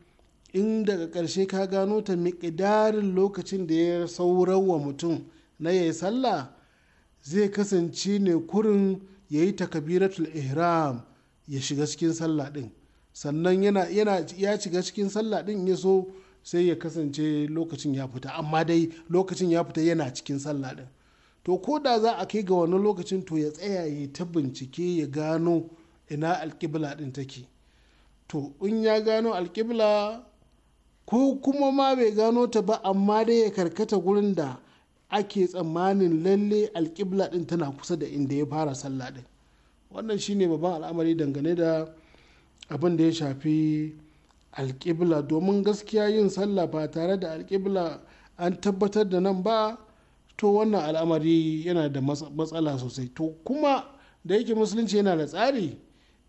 in daga ƙarshe ka gano ta miƙidarin lokacin da ya saurar wa mutum na yayi sallah zai kasance ne kurin ya yi takabiratul ihram ya shiga cikin sallah ɗin sannan yana, ya shiga cikin sallah ɗin ya so sai ya kasance lokacin ya fita amma dai lokacin ya fita yana cikin sallah ɗin to ko da za a kai ga wani lokacin to ya tsaya ya ta bincike ya gano ina alkibla ɗin take to in ya gano alkibla ko kuma ma bai gano ta ba amma dai ya karkata gurin da ake tsammanin lalle alkibla din tana kusa da inda ya fara sallah din wannan shine babban al'amari dangane da abin da ya shafi alkibla domin gaskiya yin sallah ba tare da alkibla an tabbatar da nan ba to wannan al'amari yana da matsala sosai to kuma da yake musulunci yana da tsari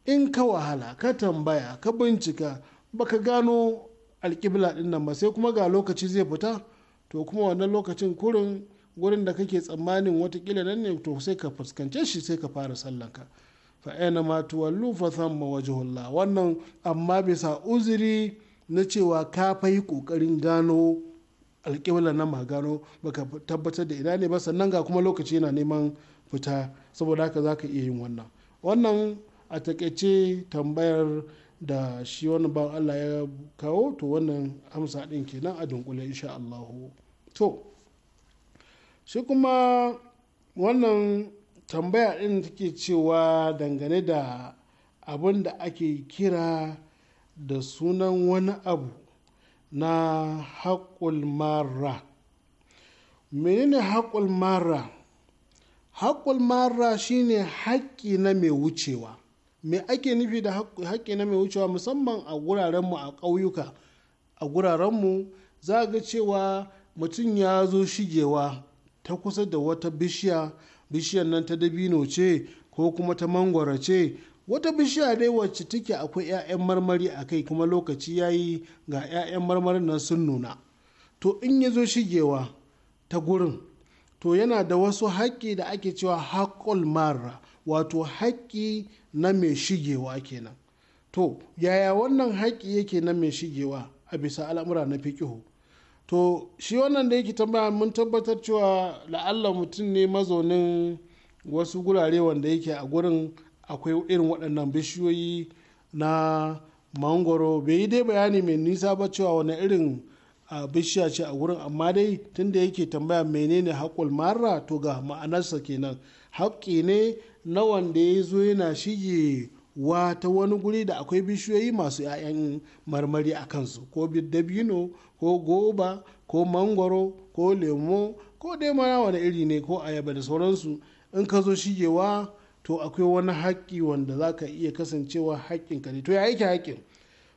in ka wahala ka tambaya ka bincika baka gano alkibla din nan ba sai kuma ga lokaci zai fita to kuma wannan lokacin kurin gurin da kake tsammanin watakila nan ne to sai ka fuskance shi sai ka fara sallanka fa aina ma tuwallu fa thamma wajhullah wannan amma bisa uzuri na cewa ka fa yi kokarin gano alƙibla nan ba gano baka tabbatar da ina ne ba sannan ga kuma lokaci yana neman fita saboda haka za ka iya yin wannan wannan a takaice tambayar da shi wani ba Allah ya kawo to wannan amsa ɗin kenan a dunkule insha Allahu to shi kuma wannan tambaya ɗin take cewa dangane da abin da ake kira da sunan wani abu na haƙul mara menene haƙul mara haƙul mara shine haƙƙi na mai wucewa me ake nufi da haƙƙi na mai wucewa musamman a mu a ƙauyuka a mu za ga cewa mutum ya zo shigewa ta kusa da wata bishiya bishiyar nan ta dabino ce ko kuma ta mangwara ce wata bishiya dai wacce take akwai 'ya'yan marmari a kai kuma lokaci ya yi ga 'ya'yan marmarin nan sun nuna to in ya zo shigewa ta gurin to yana da wasu haƙƙi da ake cewa haƙƙul mara wato haƙƙi na mai shigewa kenan to yaya wannan haƙƙi yake na mai shigewa a bisa al'amura na fiƙihu to shi wannan da yake tambaya mun tabbatar cewa la'alla mutum ne mazaunin wasu gurare wanda yake a gurin akwai irin waɗannan bishiyoyi na mangoro bai yi dai bayani mai nisa ba cewa wani irin bishiya ce a gurin amma dai tunda yake tambaya menene haƙul mara to ga ma'anarsa kenan haƙƙi ne na wanda ya zo yana shige wa ta wani guri da akwai bishiyoyi masu 'ya'yan marmari a kansu ko dabino ko goba ko mangoro ko lemo ko dai mara wani iri ne ko ayaba da sauransu in ka zo shigewa to akwai wani haƙƙi wanda za ka iya kasancewa haƙƙinka ne to ya yake haƙƙin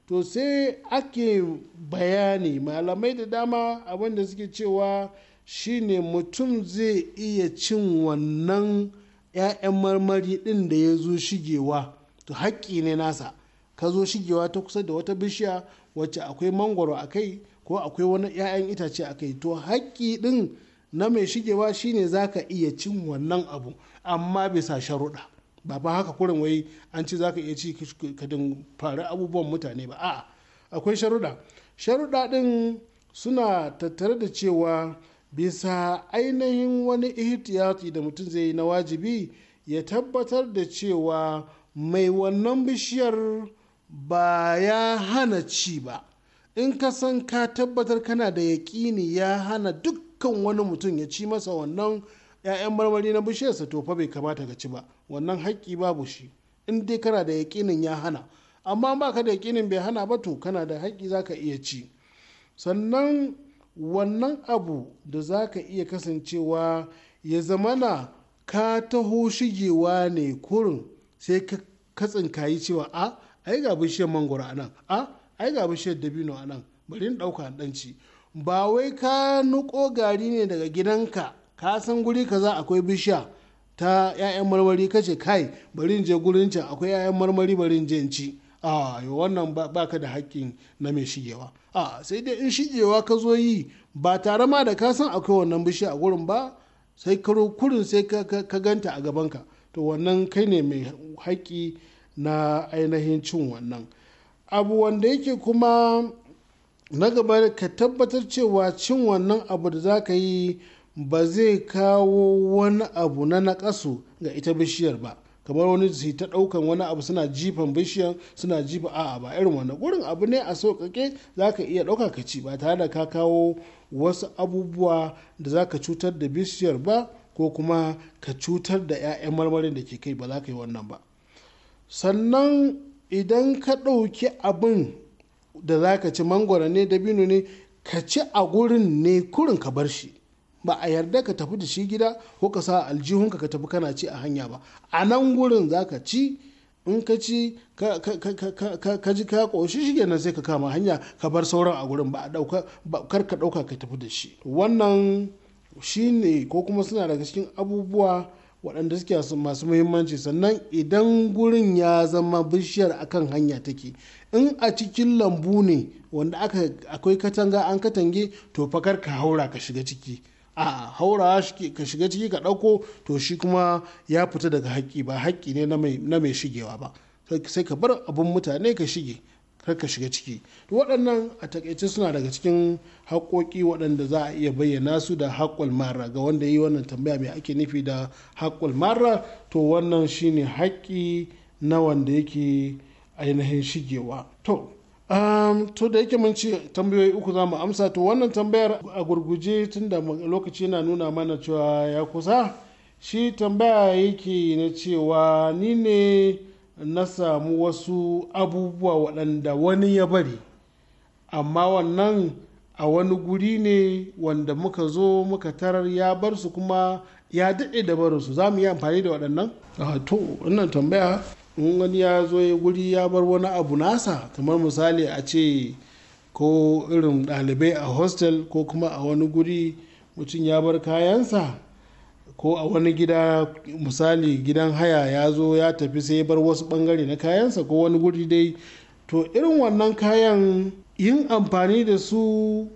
to sai ake bayani malamai da dama abinda suke cewa shine mutum zai iya cin wannan 'ya'yan marmari ɗin da ya zo shigewa to haƙƙi ne nasa ka zo shigewa ta kusa da wata bishiya wacce akwai mangwaro a kai ko akwai wani 'ya'yan itace a kai to haƙƙi ɗin na mai shigewa shine za ka iya cin wannan abu amma bisa sharuɗa ba ba haka kurin wai an ci za ka iya ci ka din fara abubuwan mutane ba a'a akwai sharuɗa sharuɗa ɗin suna tattare da cewa bisa ainihin wani ihtiyati da mutum zai yi na wajibi ya tabbatar da cewa mai wannan bishiyar ba ya hana ci ba in ka san ka tabbatar kana da yaƙini ya hana dukkan wani mutum ya ci masa wannan 'ya'yan marmari na bishiyar sa tofa bai kamata ka ci ba wannan haƙƙi babu shi in dai kana da yaƙinin ya hana amma ba ka da yaƙinin bai hana ba to kana da haƙƙi za ka iya ci sannan wannan abu da za ka iya kasancewa ya zamana ka taho shigewa ne kurin sai ka katsin kayi cewa a ai ga bishiyar mangoro a nan a ai ga bishiyar dabino a nan bari in ɗauka ɗanci ba wai ka nuko gari ne daga gidanka ka san guri kaza akwai bishiya ta 'ya'yan marmari kace kai bari je gurin can akwai 'ya'yan marmari bari je in ci a wannan baka da haƙƙin na mai shigewa a sai dai in shigewa ka zo yi ba tare ma da ka san akwai wannan bishiya a gurin ba sai karo kurin sai ka ganta a gabanka to wannan kai ne mai haƙƙi na ainihin cin wannan abu wanda yake kuma na gaba ka tabbatar cewa cin wannan abu da za ka yi ba zai kawo wani abu na nakasu ga ita bishiyar ba kamar wani su ta ɗaukan wani abu suna jifan bishiyar suna jifa a'a ba irin wannan gurin abu ne a sauƙaƙe za ka iya ɗauka ka ci ba tare da ka kawo wasu abubuwa da za ka cutar da bishiyar ba ko kuma ka cutar da 'ya'yan marmarin da ke kai ba za ka yi wannan ba sannan idan ka ɗauki abin da za ka ci mangwara ne dabino ne ka ci a gurin ne kurin ka bar shi ba a yarda ka tafi da shi gida ko ka sa aljihunka ka tafi kana ci a hanya ba a nan gurin za ka ci in ka ci ka ji ka ƙoshi shi kenan sai ka kama hanya ka bar sauran a gurin ba a kar ka ɗauka ka tafi da shi wannan shi ne ko kuma suna daga cikin abubuwa waɗanda suke masu muhimmanci sannan idan gurin ya zama bishiyar akan hanya take in a cikin lambu ne wanda akwai katanga an katange to fakar ka haura ka shiga ciki a haura ka shiga ciki ka ɗauko to shi kuma ya fita daga haƙƙi ba haƙƙi ne na mai shigewa ba sai ka bar abin mutane ka shige kar ka shiga ciki to waɗannan a takaice suna daga cikin haƙoƙi waɗanda za a iya bayyana su da haƙƙul mara ga wanda yi wannan tambaya mai ake nufi da haƙƙul mara to wannan shine haƙƙi na wanda yake ainihin shigewa to Um, to da yake mun ce tambayoyi uku za mu amsa to wannan tambayar a gurguje tun da lokaci na nuna mana cewa ya kusa shi tambaya yake na cewa ni ne na samu wasu abubuwa waɗanda wani ya bari amma wannan a wani guri ne wanda muka zo muka tarar ya bar su kuma ya daɗe da barinsu za mu yi amfani da waɗannan? Ah, to wannan tambaya in wani ya zo ya guri ya bar wani abu nasa kamar misali a ce ko irin ɗalibai a hostel ko kuma a wani guri mutum ya bar kayansa ko a wani gida misali gidan haya ya zo ya tafi sai ya bar wasu ɓangare na kayansa ko wani guri dai to irin wannan kayan yin amfani da su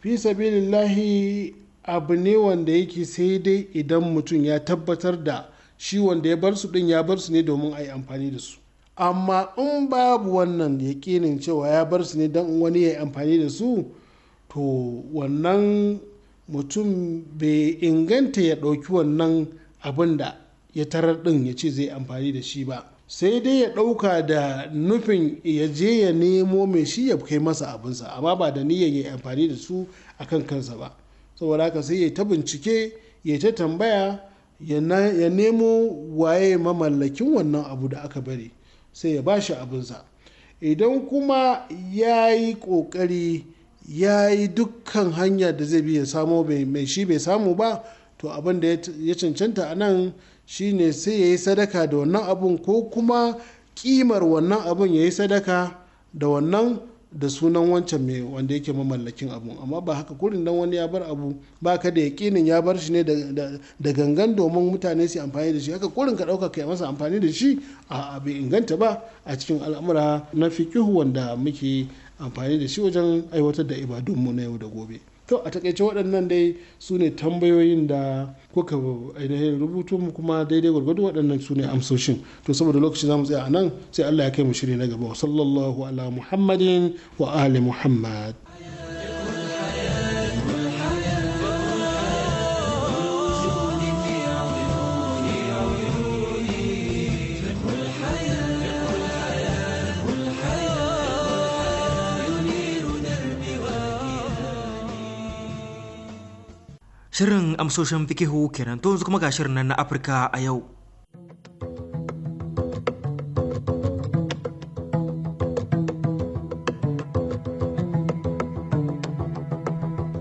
fi sabilillahi abu ne wanda yake sai dai idan mutum ya tabbatar da shi wanda ya bar su din ya bar su ne domin a yi amfani da su amma in babu wannan yaƙinin cewa ya bar su ne don wani ya yi amfani da su to wannan mutum bai inganta ya ɗauki wannan abin da ya tarar ɗin ya ce zai amfani da shi ba sai dai ya ɗauka da nufin ya je ya nemo mai shi ya kai masa abinsa amma ba da niyyar ya amfani da su akan kansa ba saboda haka sai ya ta bincike ya ta tambaya ya nemo waye mamallakin wannan abu da aka bari sai ya ba shi abinsa idan kuma ya yi ƙoƙari ya yi dukkan hanya da zai bi ya samo mai shi bai samu ba to abin da ya cancanta a nan shine sai ya yi sadaka da wannan abun ko kuma ƙimar wannan abun ya yi sadaka da wannan da sunan wancan mai wanda yake mamallakin abu amma ba haka kurin dan wani ya bar abu ba ka da yakinin ya bar shi ne da gangan domin mutane su amfani da shi haka kurin ka dauka kai masa amfani da shi a bai inganta ba a cikin al'amura na fikihu wanda muke amfani da shi wajen aiwatar da ibadunmu na yau da gobe to a takaice waɗannan dai su ne tambayoyin da kuka ainihin rubutu mu kuma daidai gwargwado waɗannan su ne amsoshin to saboda lokaci za mu tsaya a nan sai allah ya kai mu shiri na gaba sallallahu ala muhammadin wa ali muhammad Shirin amsoshin fikihu kenan to yanzu kuma ga shirin nan na Afirka a yau.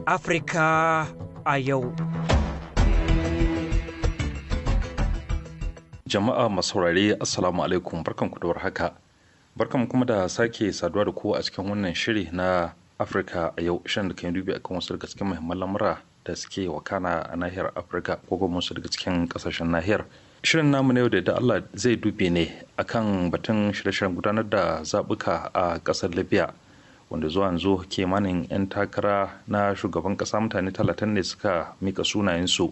Afirka a yau. Jama'a masaurare Assalamu alaikum barkanku da haka. barkanmu kuma da sake saduwa da ku a cikin wannan shiri na Afirka a yau shan da kan dubi akan wasu daga cikin muhimman lamura da suke wakana a nahiyar afirka ko kuma su daga cikin kasashen nahiyar shirin namu na yau da da allah zai dube ne akan batun shirye-shiryen gudanar da zabuka a kasar libya wanda zuwa yanzu kimanin 'yan takara na shugaban kasa mutane talatin ne suka mika sunayensu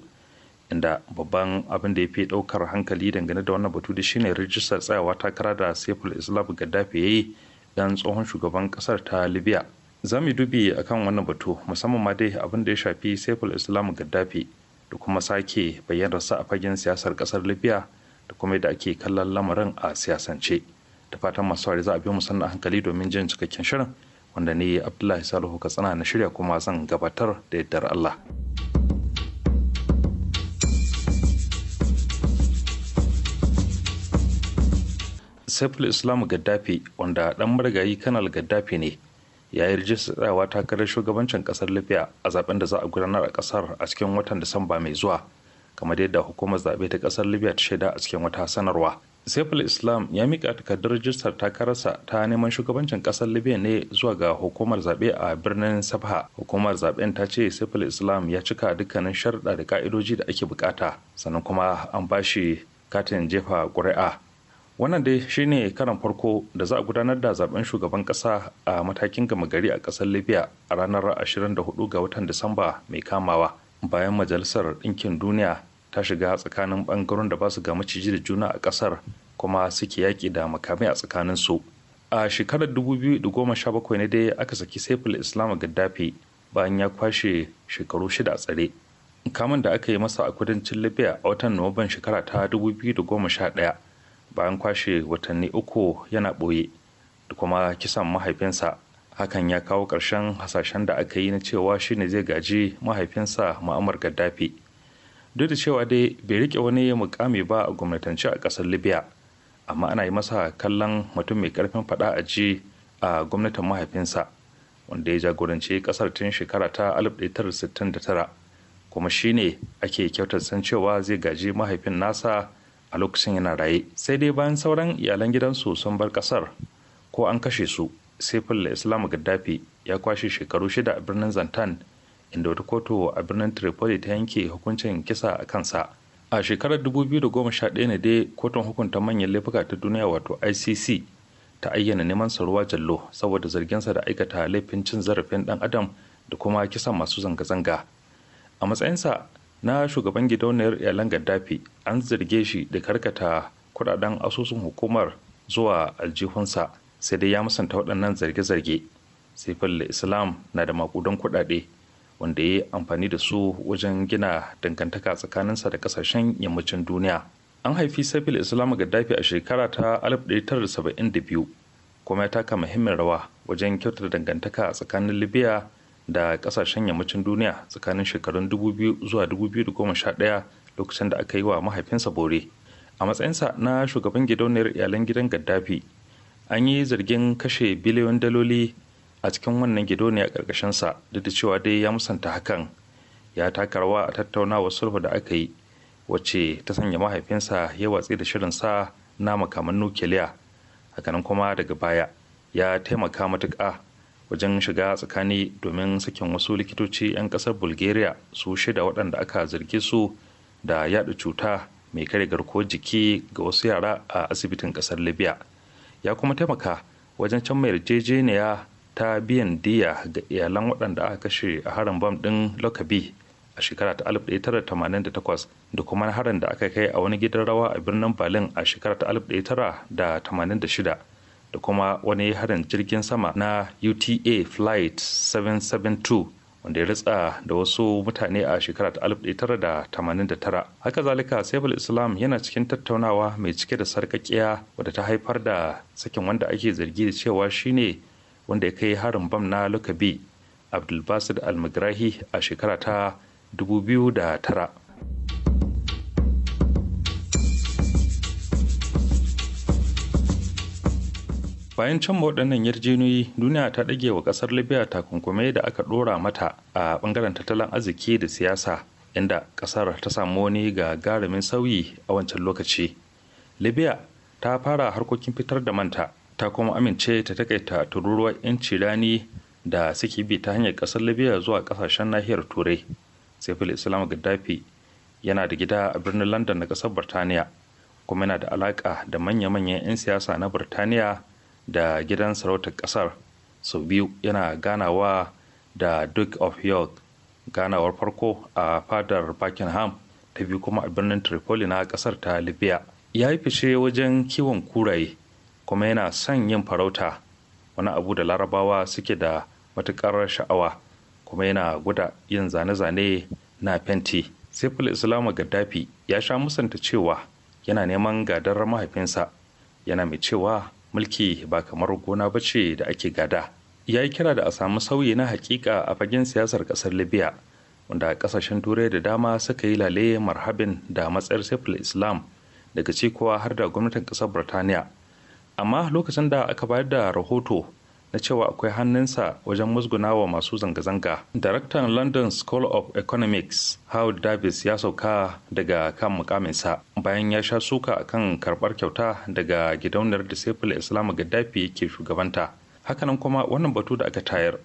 inda babban abin da ya fi daukar hankali dangane da wannan batu da shine rijistar tsayawa takara da saiful islam gaddafi ya yi dan tsohon shugaban kasar ta libya za mu yi dubi akan wannan batu musamman ma dai abin da ya shafi saiful islam gaddafi da kuma sake bayyanarsa a fagen siyasar kasar libya da kuma yadda ake kallon lamarin a siyasance da fatan masu saurari za a biyo musamman hankali domin jin cikakken shirin wanda ne abdullahi salihu katsina na shirya kuma zan gabatar da yaddar allah saiful islam gaddafi wanda dan marigayi kanal gaddafi ne ya yi rijistawa takarar shugabancin kasar libya a zaben da za a gudanar a kasar a cikin watan disamba mai zuwa kamar yadda hukumar zaɓe ta kasar libya ta shaida a cikin wata sanarwa saiful islam ya mika takardar rijistar takararsa ta neman shugabancin kasar libya ne zuwa ga hukumar zaɓe a birnin sabha hukumar zaɓen ta ce saiful islam ya cika dukkanin sharuɗa da ka'idoji da ake bukata sannan kuma an bashi katin jefa ƙuri'a wannan dai shine karan farko da za a gudanar da zaben shugaban kasa a matakin gama gari a kasar libya a ranar 24 ga watan disamba mai kamawa bayan majalisar ɗinkin duniya ta shiga tsakanin ɓangaren da ba su ga maciji da juna a ƙasar kuma suke yaƙi da makamai a tsakanin su a shekarar 2017 ne dai aka saki saiful islam gaddafi bayan ya kwashe shekaru shida a tsare kamun da aka yi masa a kudancin libya a watan nuwamban shekara ta 2011 bayan kwashe watanni uku yana ɓoye da kuma kisan mahaifinsa hakan ya kawo ƙarshen hasashen da aka yi na cewa shine zai gaji mahaifinsa ma'amar gaddafi duk da cewa dai bai rike wani mukami ba a gwamnatance a ƙasar libya amma ana yi masa kallon mutum mai ƙarfin faɗa a ji a gwamnatin mahaifinsa wanda ya jagoranci ƙasar tun shekara ta 1969 kuma shine ake kyautar san cewa zai gaji mahaifin nasa a lokacin yana raye sai dai bayan sauran iyalan gidansu sun bar kasar ko an kashe su saifullah islam gaddafi ya kwashe shekaru shida a birnin zantan inda wata kotu a birnin tripoli ta yanke hukuncin kisa a kansa a shekarar 2011 ne dai kotun hukunta manyan laifuka ta duniya wato icc ta ayyana neman saruwa jallo saboda zarginsa da aikata laifin cin zarafin dan adam da kuma kisan masu zanga-zanga a matsayinsa na shugaban gidauniyar iyalan gaddafi an zarge shi da karkata kudaden asusun hukumar zuwa aljihunsa sai dai ya musanta waɗannan zarge-zarge saiful islam na da makudan kudade wanda ya yi amfani da su wajen gina dangantaka tsakaninsa da kasashen yammacin duniya an haifi sifil islam gaddafi a shekara ta 1972 kuma ya taka muhimmin rawa wajen kyautata dangantaka tsakanin libya da kasashen yammacin duniya tsakanin shekarun 2000 zuwa 2011 lokacin da aka yi wa mahaifinsa bore a matsayinsa na shugaban gidauniyar iyalan gidan gaddafi an yi zargin kashe biliyon daloli a cikin wannan gidauniya karkashinsa duk da cewa dai ya musanta hakan ya taka rawa a tattaunawa sulhu da aka yi wacce ta sanya mahaifinsa ya watsi da shirin sa na makaman nukiliya hakanan kuma daga baya ya taimaka matuƙa wajen shiga tsakani domin sakin wasu likitoci 'yan kasar bulgaria su shida waɗanda aka zargi su da yaɗa cuta mai kare garkuwar jiki ga wasu yara a asibitin kasar libya ya kuma taimaka wajen can mai yarjejeniya ta biyan diya ga iyalan waɗanda aka kashe a harin bam ɗin lokabi a shekara ta 1988 da kuma harin da aka kai a wani gidan rawa a birnin berlin a shekara ta 1986 da kuma wani harin jirgin sama na uta flight 772 wanda ya ritsa da wasu mutane a shekarar 1989 haka zalika saiful islam yana cikin tattaunawa mai cike da sarkakiya wadda ta haifar da sakin wanda ake zargi da cewa shine wanda ya kai harin bam na lukabi abdulbasid almagrahi a shekara ta 2009 bayan can waɗannan yarjejeniyoyi duniya ta ɗage wa ƙasar libya takunkumai da aka ɗora mata a ɓangaren tattalin arziki da siyasa inda ƙasar ta samu wani ga garamin sauyi a wancan lokaci libya ta fara harkokin fitar da manta ta kuma amince ta takaita tururuwar 'yanci rani da suke bi ta hanyar ƙasar libya zuwa ƙasashen nahiyar turai saiful islam gaddafi yana da gida a birnin london na ƙasar birtaniya kuma yana da alaƙa da manya-manyan 'yan siyasa na birtaniya da gidan sarautar ƙasar sau biyu yana ganawa da duke of york ganawar farko a fadar buckingham ta biyu kuma a birnin tripoli na ƙasar ta libya ya yi fice wajen kiwon kuraye kuma yana son yin farauta wani abu da larabawa suke da matuƙar sha'awa kuma yana guda yin zane-zane na fenti saiful islamu gaddafi ya sha musanta cewa yana neman gadar mahaifinsa yana mai cewa mulki ba kamar gona ba ce da ake gada ya yi kira da a samu sauyi na hakika a fagen siyasar kasar libya wanda kasashen turai da dama suka yi lale marhabin da matsayar saiful islam daga cikowa har da gwamnatin kasar birtaniya amma lokacin da aka bayar da rahoto na cewa akwai hannunsa wajen musgunawa masu zanga-zanga. Daraktan London School of Economics Howard Davis ya sauka daga kan mukaminsa bayan ya sha suka kan karbar kyauta daga da Disciple Islam Gaddafi ke shugabanta. Hakanan kuma wannan batu da aka tayar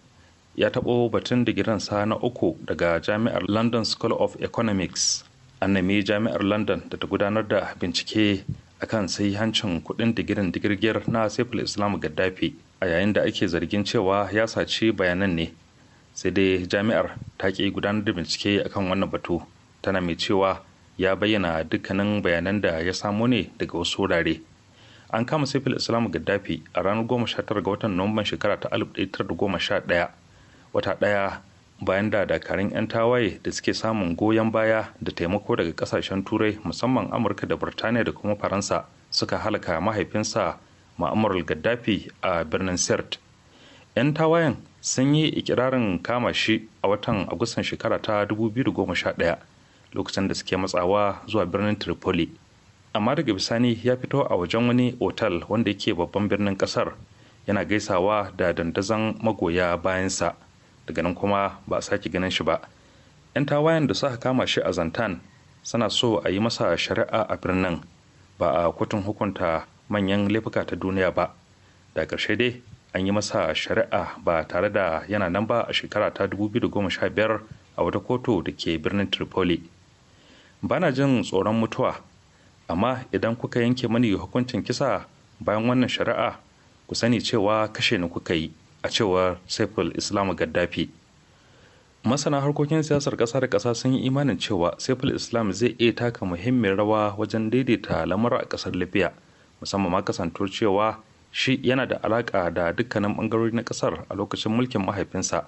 ya taɓo batun digiransa na uku daga jami'ar London School of Economics. An jami'ar London da ta gudanar da bincike akan sai hancin kudin digirin digirgiyar na Saiful Islam Gaddafi. a yayin da ake zargin cewa ya saci bayanan ne sai dai jami'ar ta ƙi gudanar da bincike akan wannan batu tana mai cewa ya bayyana dukkanin bayanan da ya samo ne daga wasu wurare an kama sifil islam gaddafi a ranar tara ga watan nuwamban shekara ta sha ɗaya wata ɗaya bayan da dakarun 'yan tawaye da suke samun goyon baya da taimako daga kasashen turai musamman amurka da burtaniya da kuma faransa suka halaka mahaifinsa ma'amar gaddafi a birnin sirt 'yan tawayen sun yi ikirarin kama shi a watan agustan shekara ta 2011 lokacin da suke matsawa zuwa birnin tripoli amma daga bisani ya fito a wajen wani otal wanda yake babban birnin kasar yana gaisawa da dandazon magoya bayansa daga nan kuma ba a sake ganin shi ba 'yan tawayen da suka kama shi a zantan suna so a yi masa shari'a a birnin ba a kotun hukunta manyan laifuka ta duniya ba da ƙarshe dai an yi masa shari'a ba tare da yana nan ba a shekara ta 2015 a wata kotu da ke birnin tripoli bana jin tsoron mutuwa amma idan kuka yanke mani hukuncin kisa bayan wannan shari'a ku sani cewa kashe ni kuka yi a cewar saiful islam gaddafi masana harkokin siyasar ƙasa da ƙasa sun yi imanin cewa saiful islam zai iya taka muhimmin rawa wajen daidaita lamura a ƙasar libya musamman ma kasantuwar cewa shi yana da alaƙa da dukkanin bangarori na ƙasar a lokacin mulkin mahaifinsa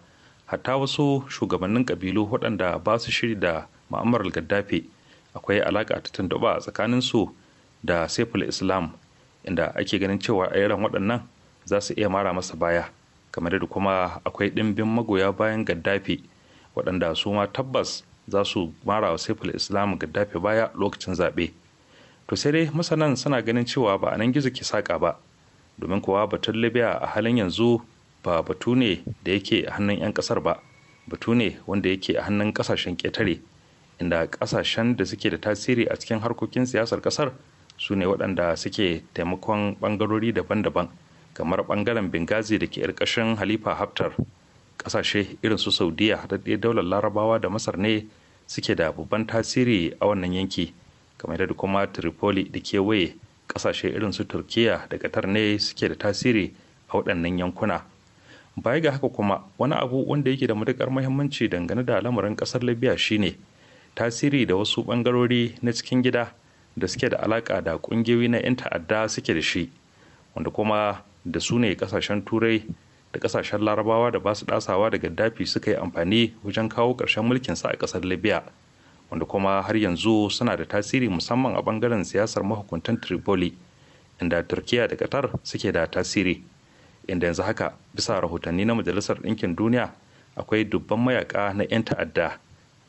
hatta wasu shugabannin kabilu waɗanda ba su shiri da ma'amarar gaddafi akwai alaƙa ta tunduba tsakanin su da saiful islam inda ake ganin cewa a yaran waɗannan za su iya mara masa baya kamar da kuma akwai ɗimbin magoya bayan gaddafi waɗanda su ma tabbas za su mara wa saiful islam gaddafi baya lokacin zaɓe. to sai dai masanan suna ganin cewa ba a nan gizo ke saƙa ba domin kuwa batun libya a halin yanzu ba batu ne da yake a hannun 'yan ƙasar ba batu ne wanda yake a hannun ƙasashen ƙetare inda ƙasashen da suke da tasiri a cikin harkokin siyasar ƙasar su ne waɗanda suke taimakon ɓangarori daban-daban kamar ɓangaren bengazi da ke ƙarƙashin halifa haftar ƙasashe irin su saudiya haɗaɗɗe daular larabawa da masar ne suke da babban tasiri a wannan yanki kamar yadda kuma tripoli da kewaye kasashe irin su turkiya da qatar ne suke da tasiri a waɗannan yankuna baya ga haka kuma wani abu wanda yake da matuƙar muhimmanci dangane da lamarin ƙasar libya shine tasiri da wasu bangarori na cikin gida da suke da alaka da ƙungiyoyi na 'yan ta'adda suke da shi wanda kuma da su ne ƙasashen turai da ƙasashen larabawa da basu ɗasawa da gaddafi suka yi amfani wajen kawo ƙarshen mulkin sa a ƙasar libya wanda kuma har yanzu suna da tasiri musamman a bangaren siyasar mahukuntan tripoli inda turkiya da qatar suke da tasiri inda yanzu haka bisa rahotanni na majalisar ɗinkin duniya akwai dubban mayaka na 'yan ta'adda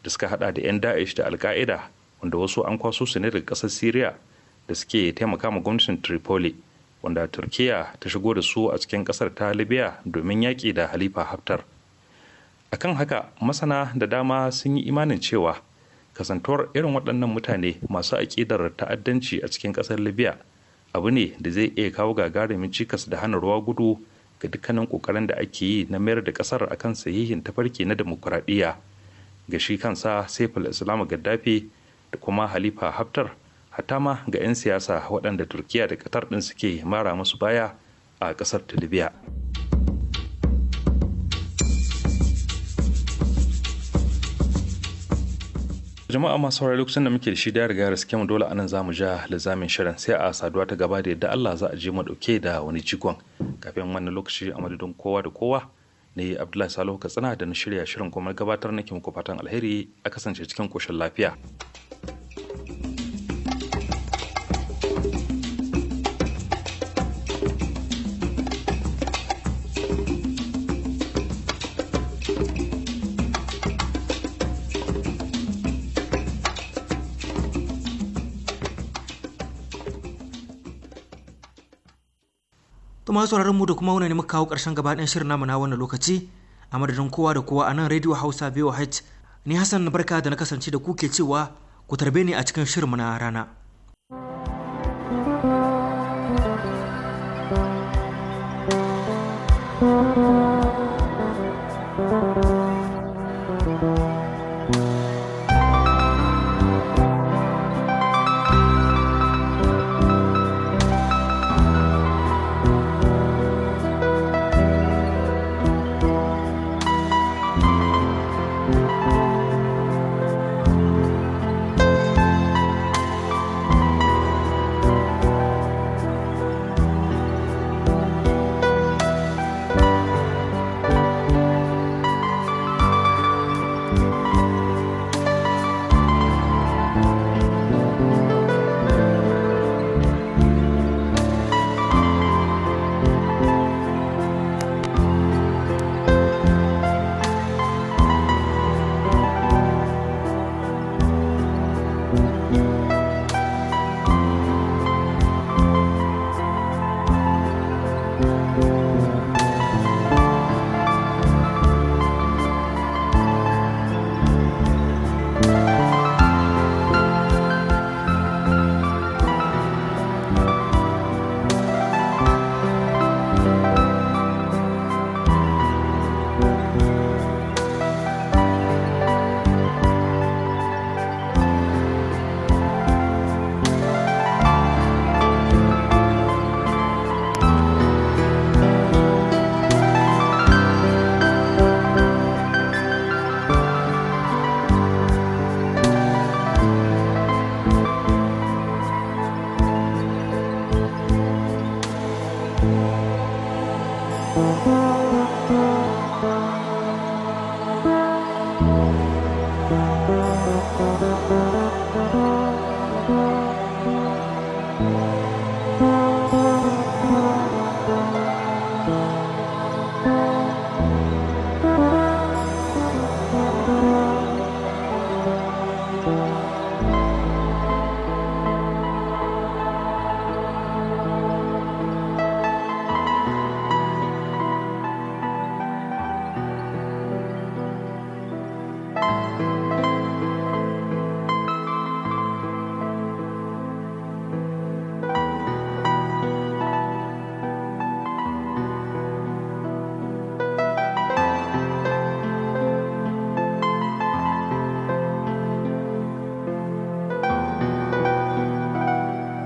da suka hada da 'yan da'ish da alka'ida wanda wasu an kwaso su ne daga ƙasar syria da suke taimaka ma gwamnatin tripoli wanda turkiya ta shigo da su a cikin ƙasar ta libya domin yaƙi da halifa haftar akan haka masana da dama sun yi imanin cewa kasantuwar irin waɗannan mutane masu aƙidar ta'addanci a cikin ƙasar libya abu ne da zai iya kawo gagarumin cikas da hana ruwa gudu ga dukkanin ƙoƙarin da ake yi na mayar da ƙasar a kan sahihin tafarki na demokuraɗiyya ga shi kansa saiful islam gaddafi da kuma halifa haftar hatta ma ga 'yan siyasa waɗanda turkiya da ƙatar ɗin suke mara musu baya a ƙasar ta libya jama'a masu saurari lokacin da muke da shi da riga gaske mu dole anan zamu ja lizamin shirin sai a saduwa ta gaba da yadda Allah za a je mu dauke da wani cikon kafin wannan lokaci a madadin kowa da kowa ne Abdullahi Salihu Katsina da na shirya shirin kuma gabatar nake muku fatan alheri a kasance cikin koshin lafiya. sauraron mu da kuma wani ne muka kawo ƙarshen gaba ɗayan shirin namu na wannan lokaci a madadin kowa da kowa a nan Radio Hausa VOH ni Hassan barka da na kasance da ku ke cewa ku tarbe ni a cikin shirin na rana.